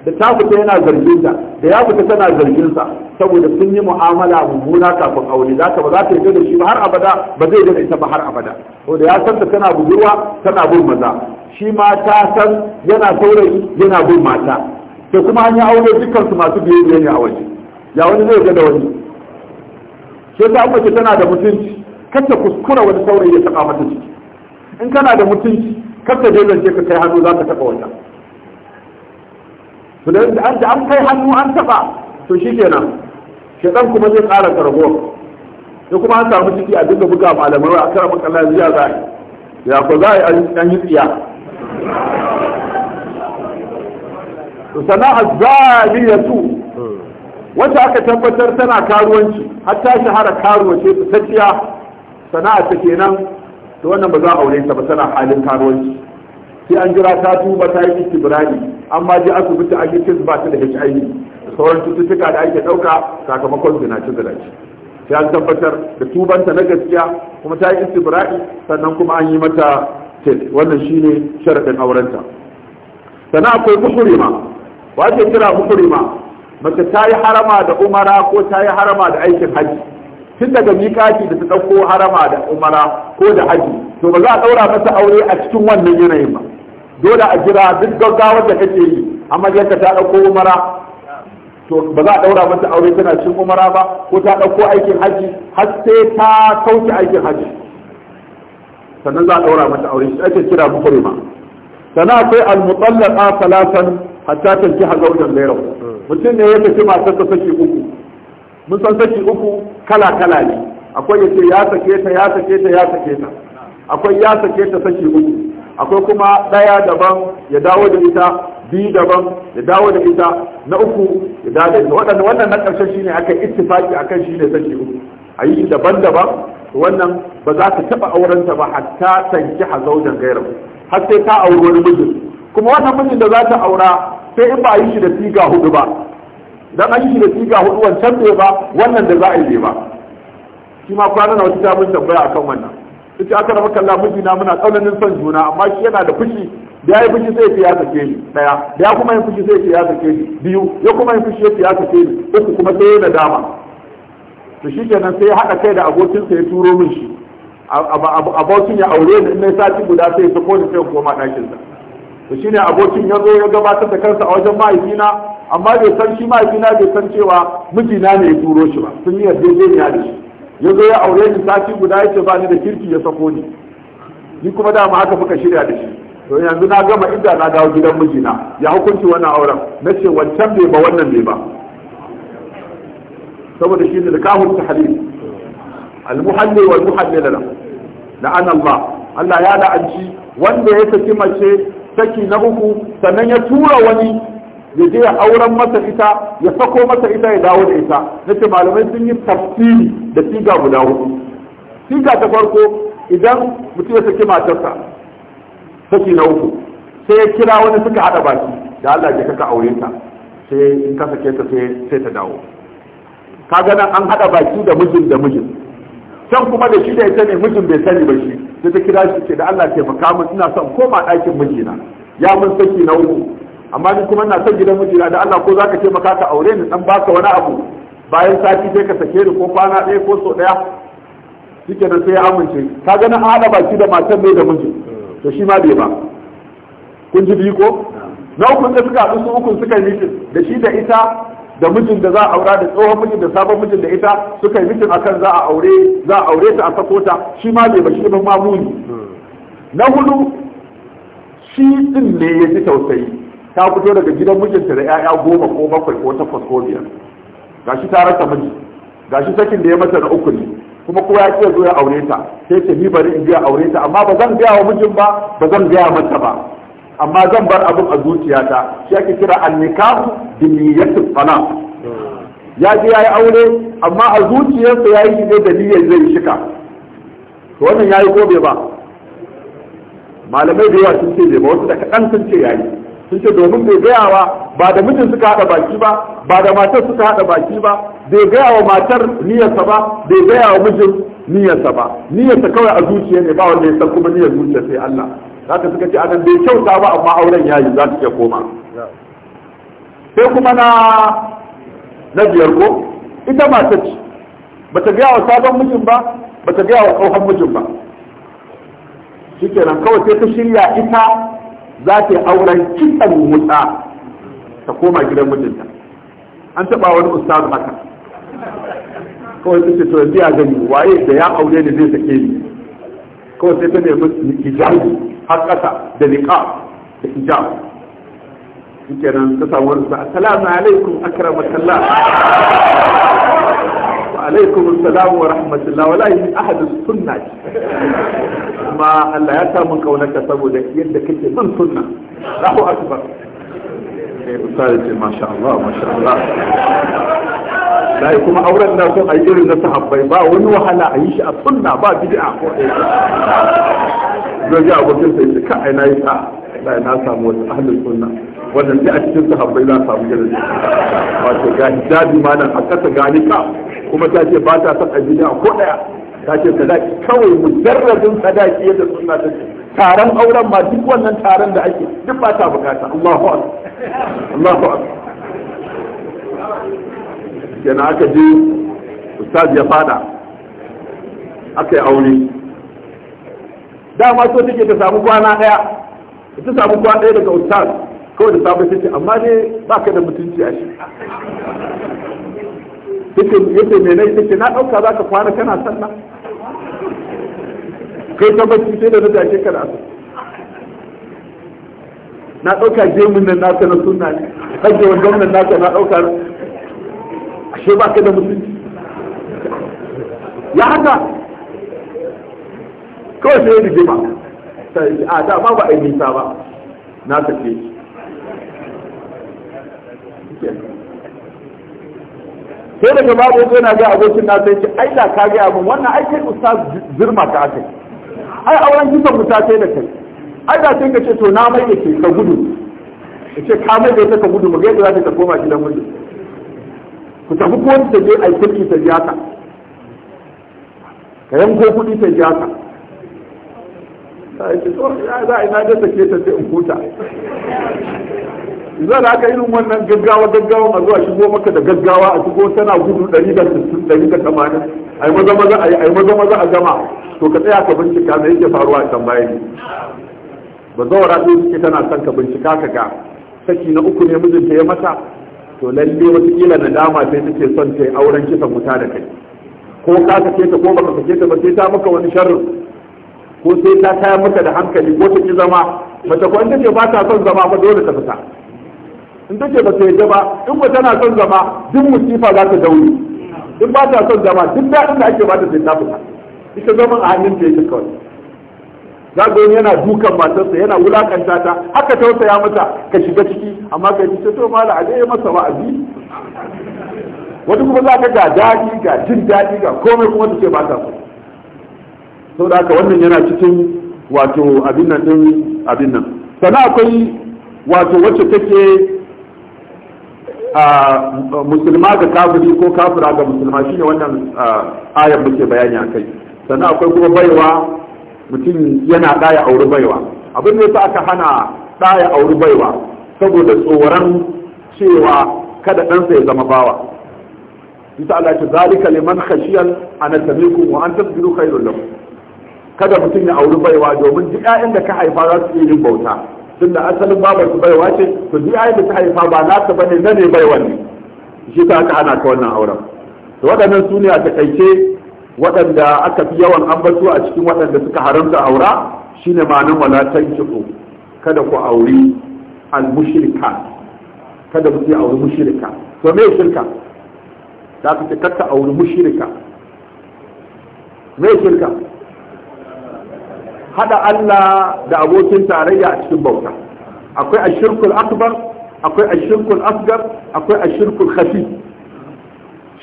da ta fita yana zargin ta da ya fita tana zargin sa saboda sun yi mu'amala mummuna kafin aure za ka ba za ta yi da shi ba har abada ba zai da ita ba har abada to da ya san ta tana budurwa tana bin maza shi ma ta san yana saurayi yana bin mata sai kuma an yi aure dukkan su masu biyu ne a waje ya wani zai ga da wani sai ta mace tana da mutunci kace kuskura wani saurayi ya saka mata ciki in kana da mutunci kace dai je ka kai hannu za ka taba wata to da an da an kai hannu an taba to shikenan shedan kuma zai ƙara karbo sai kuma an samu ciki a duka buga malamai a karamin kallon ziya za ya ko za a yi an yi tsiya sana azaliyatu wacce aka tabbatar tana karuwanci har ta shahara karuwa ce fitacciya sana'a ta kenan to wannan ba za a aure ta ba tana halin karuwanci sai an jira ta tuba ta yi istibrani amma je asibiti an yi kis ba ta da HIV sauran cututtuka da ake dauka sakamakon zinace zinace sai an tabbatar da tubanta na gaskiya kuma ta yi istibrani sannan kuma an yi mata Wannan wannan shine sharaɗin aurenta sana akwai muhrima wace kira muhrima mace ta yi harama da umara ko ta yi harama da aikin haji tun daga mikaki da ta ɗauko harama da umara ko da haji to ba za a ɗaura masa aure a cikin wannan yanayin ba dole a jira duk gaggawar da kake yi amma yanka ta ɗauko umara to ba za a ɗaura mata aure tana cikin umara ba ko ta ɗauko aikin haji har sai ta kauce aikin haji sannan za a ɗaura mata aure shi ake kira muhrima sannan akwai al a salatan hatta tankiha zawjan ghayrahu mutum ne ya saki matar ta saki uku mun san saki uku kala kala ne akwai yace ya sake ta ya sake ta ya sake ta akwai ya sake ta saki uku akwai kuma ɗaya daban ya dawo da ita biyu daban ya dawo da ita na uku ya dawo da ita wannan na karshen shine aka ittifaki akan shine saki uku A yi daban-daban wannan ba za ta taba auren ta ba hatta tanki hazaujan gairu har sai ta auri wani miji kuma wannan mijin da za ta aura sai in ba a yi shi da siga hudu ba dan an yi shi da siga hudu wancan bai ba wannan da za a yi ba shi ma kwana na wata ta mun tambaya akan wannan ita aka rama kalla mijina muna tsaunanin son juna amma shi yana da fushi da ya yi fushi sai ya sake ni daya da ya kuma yi fushi sai ya sake ni biyu ya kuma yi fushi sai ya sake ni uku kuma sai ya nadama to shi kenan sai ya haɗa kai da abokinsa ya turo min shi abokin ya aure ni in na sati guda sai ya sako ni sai koma ɗakinsa to shi ne abokin ya zo ya gabatar da kansa a wajen mahaifina amma bai san shi mahaifina bai san cewa mijina ne ya turo shi ba sun yi yarjejeniya da shi ya zo ya aure ni sati guda ya ce ba ni da kirki ya sako ni ni kuma dama haka muka shirya da shi to yanzu na gama inda na dawo gidan mijina ya hukunci wannan auren na ce wancan bai ba wannan bai ba saboda shi ne da kahun tahlil al-muhalli wal muhallilana la'ana Allah Allah ya la'anci wanda ya saki mace saki na uku sannan ya tura wani ya je ya auren masa ita ya sako masa ita ya dawo da ita nace malamai sun yi tafsiri da siga guda hudu siga ta farko idan mutum ya saki matarsa saki na uku sai ya kira wani suka hada baki da Allah ya kaka aure ta sai in ka sake ta sai ta dawo Ka gana an haɗa baki da mijin da mijin can kuma da shi da ita ne mijin bai sani ba shi sai ta kira shi ce da Allah ke faka min ina son koma ɗakin mijina ya mun saki na uku amma ni kuma ina son gidan mijina da Allah ko zaka taimaka ka aure ni dan baka wani abu bayan sati sai ka sake ni ko kwana ɗaya ko so ɗaya shike da sai ya amince ka gana an haɗa baki da matan mai da mijin to shi ma bai ba kun ji biyu ko na uku suka haɗu su uku suka yi da shi da ita da mijin da za a aura da tsohon mijin da sabon mijin da ita suka yi mijin akan za a aure za a aure ta a sako shi ma bai bashi ba mamuni na hudu shi din ne ya ji tausayi ta fito daga gidan mijinta da 'ya'ya goma ko bakwai ko takwas ko biyar gashi ta rasa miji gashi sakin da ya mata na uku ne kuma kowa ya ce zo ya aure ta sai ce ni bari in biya aure ta amma ba zan gaya wa mijin ba ba zan gaya mata ba amma zan bar abin a zuciyata shi ake kira annikahu bi niyyatil fana ya je yayi aure amma a zuciyarsa yayi ne da niyyar zai shika to wannan yayi ko bai ba malamai da yawa sun ce bai ba wasu da kaɗan sun ce yayi sun ce domin bai gaya ba da mijin suka haɗa baki ba ba da matar suka haɗa baki ba bai gaya wa matar niyyarsa ba bai gaya wa mijin niyyarsa ba niyyarsa kawai a zuciya ne ba wanda ya san kuma niyyar zuciya sai Allah zaka suka ce anan bai kyauta ba amma auren yayi za ta iya koma sai kuma na na biyar ko ita ci, ce ta gaya wa sabon mijin ba ba ta gaya wa tsohon mijin ba shi nan kawai sai ta shirya ita za ta yi auren kitan mutsa ta koma gidan mijinta an taɓa wani ustazu haka kawai ta ce to yanzu ya gani waye da ya aure ne zai sake ni السلام عليكم اكرمك الله وعليكم السلام ورحمة الله ولا يجب أحد السنة ما ألا يتامن كونك سبو لك يدك انت من سنة راحوا أكبر إيه، أستاذ ما شاء الله ما شاء الله sai kuma auren na sun a yi irin na sahabbai ba wani wahala a yi shi a sunna ba bid'a ko zai ji abokin sai ka ai na yi sa da na samu wasu ahlul sunna wannan sai a cikin sahabbai za samu irin wato ga hijabi ma nan a ƙasa gani ka kuma ta ce ba ta son a bid'a ko daya ta ce sadaki kawai mujarradin sadaki yadda sunna ta ce taron auren ma duk wannan taron da ake duk ba ta bukata Allahu akbar Allahu akbar kenan aka je ustaz ya fada aka yi aure dama so take ta samu kwana daya ta samu kwana daya daga ustaz kawai da samu ce amma ne ba ka da mutunci a shi yace me nai take na dauka ka kwana kana sallah kai ta bacci sai da na tashe ka da na ɗauka gemun nan naka na suna ne hajjewa gwamnan naka na ɗauka sai ba ka da musulunci ya haka kawai sai ya rigima a da ba ba a yi nisa ba na tafi sai daga babu yanzu yana ga abokin na sai ce ai da ka ga mun wannan ai kai ustaz zirma ka aka ai auren kisan mu ta sai da kai ai da sai ka ce to na mai yake ka gudu ce ka mai da ka gudu mu ga yadda za ka koma gidan mutum ku tafi ko wanda je a kirki ta biya ka ka yanko kuɗi ta biya za a yi da sake ta sai in huta zan haka irin wannan gaggawa gaggawa a zuwa shigo maka da gaggawa a shigo tana gudu 160-180 ai maza maza a ai maza maza a gama to ka tsaya ka bincika me yake faruwa a tambaye bayan ba zawara ɗin suke tana son ka bincika ka ga saki na uku ne mijinta ya mata to lalle wata dama sai take son ta yi auren kisan wuta da kai ko ka sake ta ko baka sake ta ba sai ta maka wani sharri ko sai ta kaya maka da hankali ko ta ki zama mace ko in ce ba ta son zama ba dole ta fita in ce ba ta yadda ba in ba tana son zama duk musifa za ta dauri. in ba ta son zama duk daɗin da ake ba ta sai ta fita ita zaman a hannun ta yake kawai za yana dukan matarsa yana wulakanta ta haka tausaya mata ka shiga ciki amma ka ce to mala a dai masa wa'azi wata kuma za ka ga daɗi ga jin daɗi ga komai kuma ta ce ba ta so da haka wannan yana cikin wato abin nan din abin nan sannan akwai wato wacce take musulma ga kafiri ko kafira ga musulma shine wannan ayar muke bayani akai sannan akwai kuma baiwa mutum yana daya auri baiwa abin da yasa aka hana ɗaya auri baiwa saboda tsoron cewa kada ɗansa ya zama bawa yasa Allah ya zalika liman khashiyal anatamikum wa an tasbiru khairul lakum kada mutum ya auri baiwa domin duk ƴaƴan da ka haifa za su yin bauta tunda asalin babar su baiwa ce to duk ƴaƴan da ta haifa ba ta bane na ne baiwan ne shi ta aka hana ka wannan auren to waɗannan su ne a takaice waɗanda aka fi yawan ambato a cikin waɗanda suka haramta aura shine ma'anin wala tankihu kada ku auri al-mushrika kada ku auri mushrika to me shirka za ka ce kakka auri mushrika me shirka hada Allah da abokin tarayya a cikin bauta akwai ashirkul akbar akwai ashirkul asgar akwai ashirkul hafi.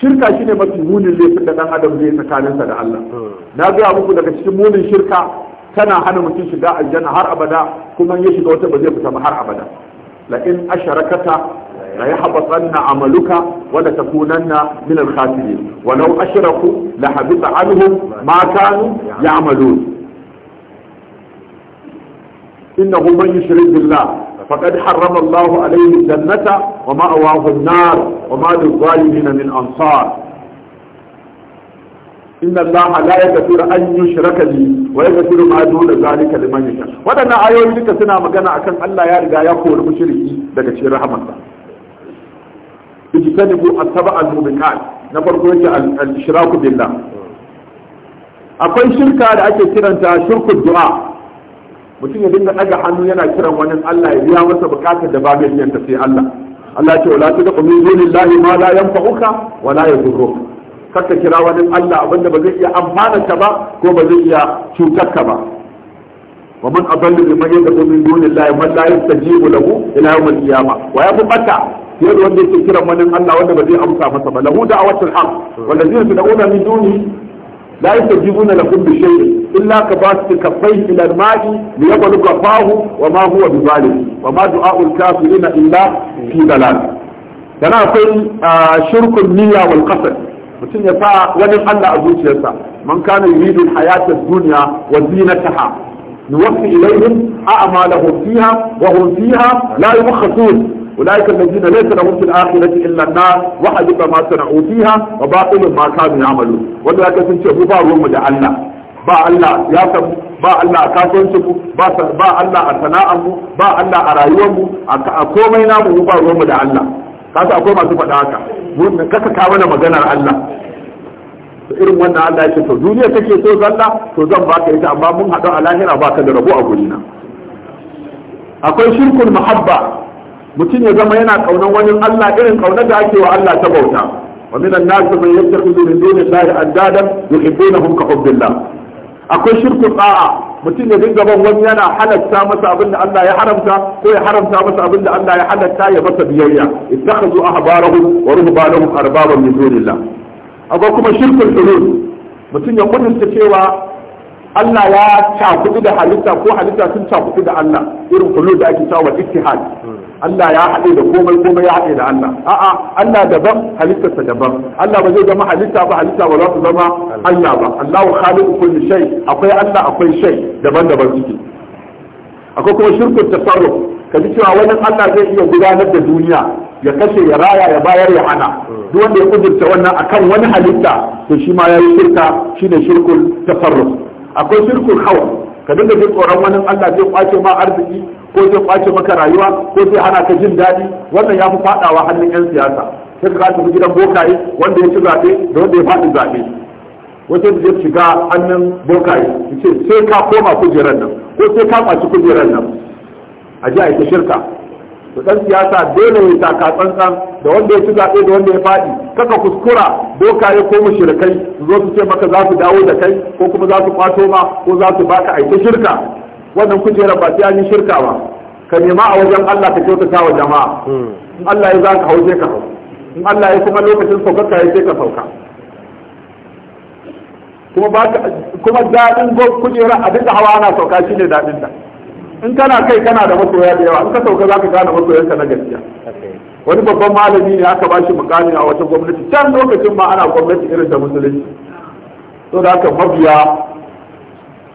shirka shine mafi munin laifin da dan adam zai tsakaninsa da Allah hmm. na gaya muku daga cikin munin shirka tana hana mutum shiga aljanna har abada kuma ya shiga wata ba zai fita ba har abada la in asharakata la yahbatanna amaluka wa la takunanna min al khasirin wa law ashraku la habita anhum ma kanu ya'malun innahu man yushrik billah فقد حرم الله عليه الجنة ومأواه النار وما للظالمين من أنصار إن الله لا يغفر أن يشرك لي ويغفر ما دون ذلك لمن يشاء ودنا duka suna magana akan Allah ya riga ya kori mushriki daga cikin rahamarsa ijtanibu asaba al-mubiqat na farko yake al-ishraku billah akwai shirka da ake kiranta shirku du'a mutum ya dinga daga hannu yana kiran wani Allah ya biya masa bukatar da ba mai iya sai Allah Allah ce wala tudqu min dunillahi ma la yanfa'uka wa la yadurruka kaka kira wani Allah abinda ba zai iya amfana ka ba ko ba zai iya cutar ka ba wa man adallu biman yad'u min dunillahi man la yastajibu lahu ila yawm al-qiyamah wa yabqa fiye da wanda yake kiran wani Allah wanda ba zai amsa masa ba lahu da'watul haq wallazina tad'una min duni la yastajibuna lakum bi shay'in إلا كباسط كفيه إلى الماء ليبلغ فاه وما هو بباله وما دعاء الكافرين إلا في ضلال yana في آه، شرك النية wal qasd mutum ya sa wani Allah a zuciyarsa man kana yuridu hayata dunya wa zinataha nuwaffi ilayhim a'malahum fiha wa hum fiha la أولئك الذين ليس لهم في الآخرة إلا النار وحدث ما صنعوا فيها وباطل ما كانوا يعملون وذلك سنتي أبو بار ba Allah ya samu ba Allah a kasuwancin mu ba Allah a sana'ar mu ba Allah a rayuwar mu a komai namu mu ba ruwan mu da Allah kasu akwai masu faɗa haka wurin kaka ka mana maganar Allah irin wannan Allah ya ce to duniya ke so zalla to zan baka ita amma mun haɗu a lahira baka da rabo a gurina akwai shirkul muhabba mutum ya zama yana kaunar wani Allah irin kaunar da ake wa Allah ta bauta wa minan nas man yattakhidhu dadan, dunillahi andadan na ka hubbillah akwai shirku tsa'a mutum ya dinga ban wani yana halatta masa abin da Allah ya haramta ko ya haramta masa abin da Allah ya halatta ya masa biyayya ittakhadhu ahbarahu wa ruhbanahum arbaban min dunillah akwai kuma shirkul hulul mutum ya kudurta cewa Allah ya cakudu da halitta ko halitta sun cakudu da Allah irin hulul da ake cewa ittihad Allah ya haɗe da komai komai ya haɗe da Allah a'a Allah daban halittarsa daban Allah ba zai zama halitta ba halitta ba za su zama Allah ba Allahu khaliqu kulli shay akwai Allah akwai shay daban-daban suke akwai kuma shirkun tasarruf ka ji cewa wannan Allah zai iya gudanar da duniya ya kashe ya raya ya bayar ya hana duk wanda ya kudurta wannan akan wani halitta to shi ma yayi shirka shine shirkul tasarruf akwai shirkul hawa ka dinga jin tsoron wani Allah zai kwace ma arziki ko zai kwace maka rayuwa ko zai hana ka jin daɗi wannan ya fi faɗawa hannun 'yan siyasa sai ka tafi gidan bokaye wanda ya ci zaɓe da wanda ya faɗi zaɓe wata da shiga hannun bokaye ce sai ka koma kujerar nan ko sai ka kwaci kujerar nan a ji a ita shirka to dan siyasa dole ya taka tsantsan da wanda ya ci zaɓe da wanda ya faɗi kaka kuskura doka ya koma shirkai su zo su ce maka za su dawo da kai ko kuma za su kwato ma ko za su baka aiki shirka wannan kujerar ba sai an yi shirka ba ka nema a wajen Allah ka kyautata wa jama'a in Allah ya zaka hau sai ka hau in Allah ya kuma lokacin saukarka ya sai ka sauka kuma ba kuma daɗin kujerar a duka hawa ana sauka shine daɗin da in kana kai kana da masoya da yawa in ka sauka za ka gane masoyanka na gaskiya wani babban malami ne aka ba shi mukami a wata gwamnati can lokacin ma ana gwamnati irin da musulunci to da aka mabiya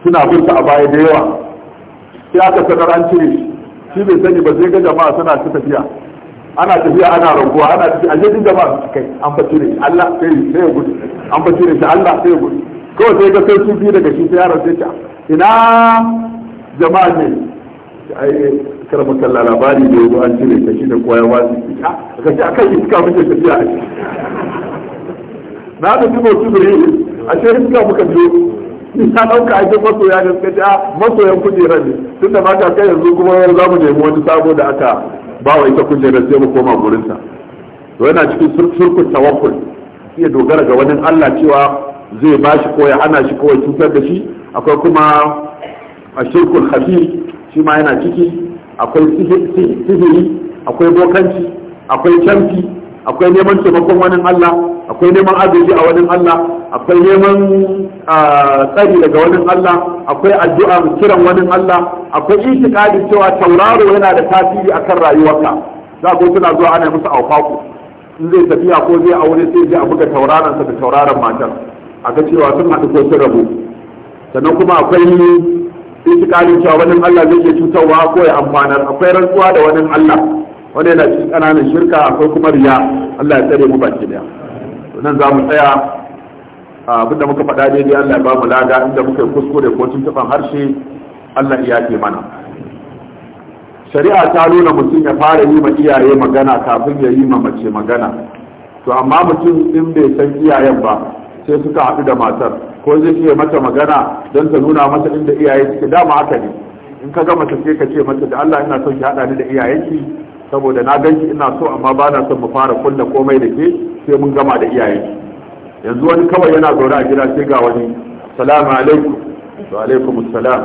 suna binta a baya da yawa sai aka sanar an cire shi shi bai sani ba sai ga jama'a suna ta tafiya ana tafiya ana raguwa ana tafi a jirgin jama'a kai an ba cire shi Allah sai sai ya gudu an ba cire shi Allah sai ya gudu kawai sai ga sai sufi daga shi sai ya rasa ta ina jama'a ne ai kar mu kalla labari da yanzu an cire ta shi da koya ba su ka ce akan iska muke tafiya a ciki na da tuno tubiri a ce iska muka biyo ni ta dauka a masoya da suka ah, masoyan kujerar ne tun da mata kai yanzu kuma za mu nemi wani sabo da aka ba wa ita kujerar sai mu koma gurinta to yana cikin surkun tawakkul iya dogara ga wani Allah cewa zai ba shi ko ya hana shi ko ya cutar da shi akwai kuma a shirkul hafi shi ma yana ciki akwai sihiri akwai bokanci akwai canfi akwai neman taimakon wani Allah akwai neman agaji a wani Allah akwai neman tsari daga wani Allah akwai addu'a kiran wani Allah akwai itikadin cewa tauraro yana da tasiri akan rayuwarka za ku suna zuwa ana musu ku. in zai tafiya ko zai aure sai zai a buga tauraron sa da tauraron matar a ga cewa sun haɗu ko sun rabu sannan kuma akwai itikadin cewa wani Allah zai iya cutarwa ko ya amfanar akwai rantsuwa da wani Allah wani yana cikin ƙananan shirka akwai kuma riya Allah ya tsare mu baki daya nan za mu tsaya da muka faɗa daidai Allah ya ba mu lada inda muka yi kuskure ko tuntuɓan harshe Allah ya ke mana shari'a ta nuna mutum ya fara yi ma iyaye magana kafin ya yi ma mace magana to amma mutum in bai san iyayen ba sai suka haɗu da matar ko zai iya mata magana don ta nuna mata inda iyaye suke dama haka ne in ka gama sai ka ce mata da Allah ina son ki hada ni da iyayenki saboda na ganki ina so amma ba na son mu fara kulla komai da ke sai mun gama da iyayenki yanzu wani kawai yana zaune a gida sai ga wani salamu alaikum wa alaikum salam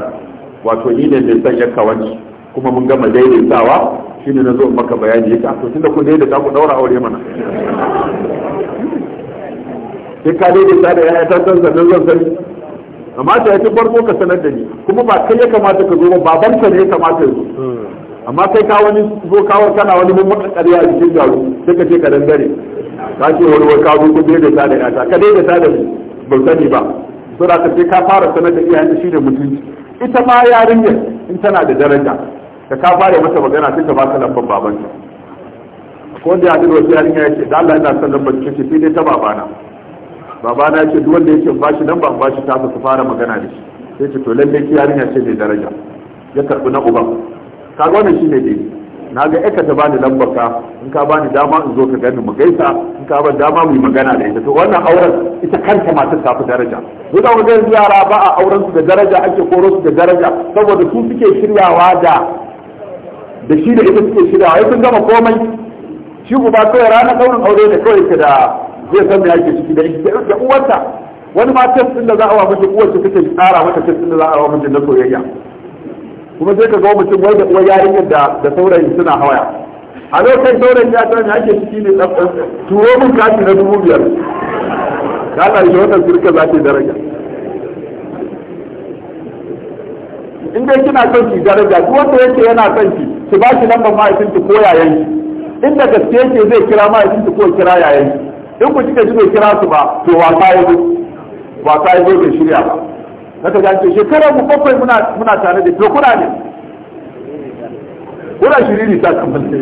wato ni ne mai son yakka wani kuma mun gama daidaitawa shine na zo maka bayani yake ah, to tunda ku daidaita ku daura aure mana sai ka daidaita da ya'ya ta san sannan zan sani amma ta yafi farko ka sanar da ni kuma ba kai ya kamata ka zo ba babanka ne ya kamata ya zo amma kai ka wani zo kawar kana wani mun maka ƙarya a cikin garu sai ka ce ka dangare ka ce wani wai ka zo ku daidaita da ta ka daidaita da ni ban sani ba da ka ce ka fara sanar da iyayen shi da mutunci ita ma yarinyar in tana da daraja da ka fara mata magana sai ka ba ta lambar babanta ko da ya ji da wasu yarinya ya ce da Allah ina son lambar cikin shi sai dai ta babana babana ce duwanda wanda yake ba shi nan ba ba shi ta su fara magana da shi sai ce to lalle ki yarinya ce mai daraja ya karbi na uba ka ga wannan shine dai na ga aka ta bani lambar ka in ka bani dama in zo ka gani mu gaisa in ka bani dama mu yi magana da ita to wannan auren ita kanta matar ta fi daraja duk da wajen yara ba a auren su da daraja ake koro su da daraja saboda su suke shiryawa da da shi da ita suke shiryawa sun gama komai shi uba kawai ranar ɗaurin aure da kawai ka da zai san me yake ciki da ita da uwarta wani ma test din da za a wa mace ta take tsara mata test din da za a wa mace na soyayya kuma sai ka ga mutum wai da uwar yarinyar da da saurayin suna hawaya a lokacin saurayin ya san yake ciki ne turo min kashi na dubu biyar ka ƙarshe wannan surka za ta daraja in dai kina son ki daraja duk wanda yake yana son ki ki ba shi lambar mahaifinki ko yayan ki inda gaske yake zai kira mahaifinki ko kira yayan ki in ku kika ji bai kira su ba to wasa ya zo wasa ya zo bai shirya ba na ta gani shekara mu bakwai muna muna tare da to kuna ne kuna ne ta kamfanta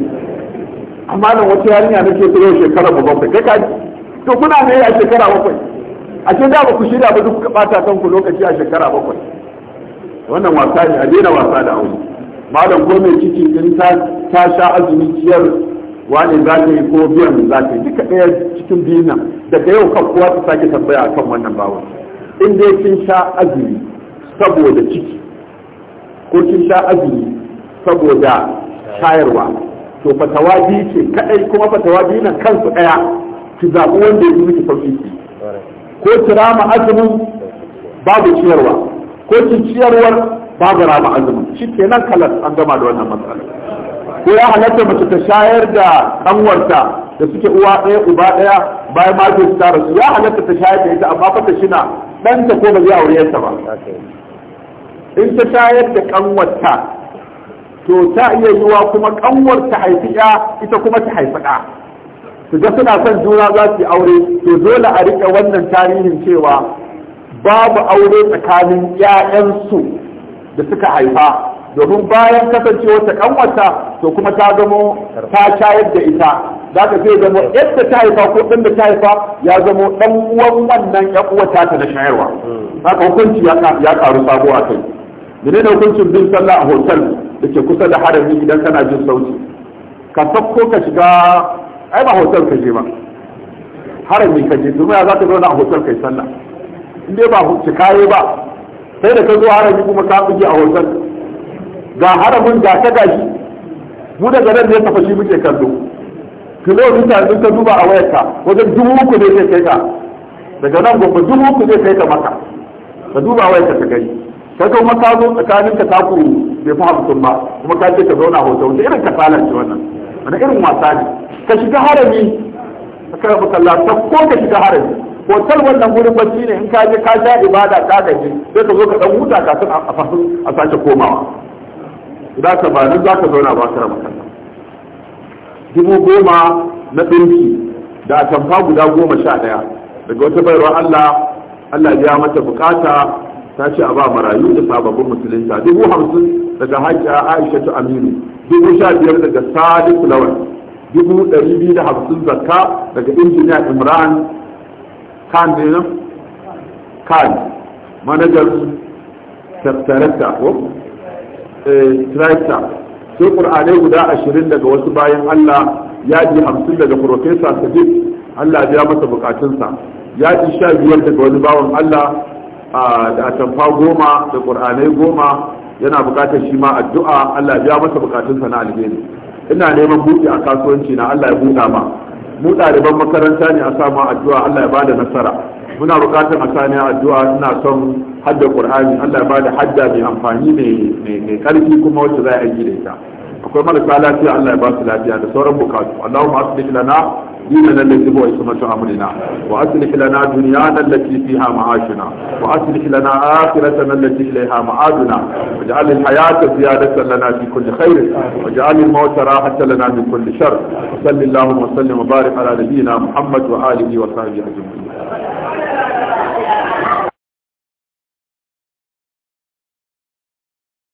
amma nan wata yarinya nake tsoro shekara mu bakwai kai ka to kuna ne a shekara bakwai a ce da ba ku shirya ba duk bata kan ku lokaci a shekara bakwai wannan wasa ne a daina wasa da aure malam ko mai ciki ta sha azumi ciyar wani za ta yi ko biyan za ta yi duka ɗaya cikin biyu daga yau kan kowa ta sake tambaya kan wannan bawan in dai kin sha azumi saboda ciki ko kin sha azumi saboda shayarwa to fatawa biyu ce kaɗai kuma fatawa biyu nan kansu ɗaya ki zaɓi wanda ya miki sauƙi ki ko ki rama azumin babu ciyarwa ko ki ciyarwar babu rama azumin shi kenan kalas an gama da wannan matsalar ko ya halatta mace ta shayar da kanwarta da suke uwa ɗaya uba ɗaya bayan su ta rasu ya halatta ta shayar da ita amma fa ta shina ɗanta ko ba zai aure yanta ba in ta shayar da kanwarta to ta iya yiwa kuma kanwar ta haifi ya ita kuma ta haifi ɗa su ga suna son juna za su yi aure to dole a riƙe wannan tarihin cewa babu aure tsakanin 'ya'yansu da suka haifa domin bayan kasancewa ta kanwata to kuma ta zamo ta shayar da ita za ka zai zamo yadda ta haifa ko ɗan da ta haifa ya zamo ɗan uwan wannan ya uwa ta ta da shayarwa haka hukunci ya karu sabo a kai mene da hukuncin bin sallah a hotel da ke kusa da harami idan kana jin sauti ka sauko ka shiga ai ba hotel ka je ba harami ka je domin ya za ka zauna a hotel kai sallah in dai ba cikaye ba sai da ka zo harami kuma ka buge a hotel ga haramun ga ta gashi mu daga nan ne shi muke kallo kilomita din ka duba a wayarka wajen dubu uku ne zai kai ka daga nan gobe dubu uku zai kai ka maka ka duba wayarka ta gani ka zo maka zo tsakanin ka taku bai fi hamsin ba kuma ka ce ka zauna hoto wanda irin kasala ce wannan wani irin wasa ne ka shiga harami ka kara makalla ta ko ka shiga harami hotel wannan wurin bacci ne in ka je ka sha ibada ka gaji sai ka zo ka dan huta kafin a sake komawa za ka ba nan za ka zauna ba ka rama kanka dubu goma na ɗinki da atamfa guda goma sha ɗaya daga wata bayarwa Allah Allah ya mata bukata ta ce a ba marayu da sababbin musulunta dubu hamsin daga hajiya Aisha ta Aminu dubu sha biyar daga Sadiq Lawal dubu ɗari biyu da hamsin zakka daga injiniya Imran Khan ne nan Khan manajar tattarata ko Eh, tractor sai ƙur'anai guda ashirin daga wasu bayan allah ji hamsin daga profesa sadiq allah ya masa bukatunsa ji sha biyar daga wani bawan allah da atamfa goma da ƙur'anai goma yana bukatar shi ma addu'a allah ya masa bukatunsa na alheri ina neman buɗe a kasuwanci na allah ya buɗa ma mu ɗaliban makaranta ne a sa ma addu'a allah ya bada nasara muna bukatar a sa addu'a ina son hadda qur'ani Allah ba da hadda mai amfani mai karfi kuma wacce za a yi da ita akwai marasa lafiya Allah ya ba su lafiya da sauran bukatu Allahumma aslih lana ديننا الذي هو عصمة أمرنا وأصلح لنا دنيانا التي فيها معاشنا وأصلح لنا آخرتنا التي إليها معادنا واجعل الحياة زيادة لنا في كل خير واجعل الموت راحة لنا من كل شر وصل اللهم وسلم وبارك على نبينا محمد وآله وصحبه أجمعين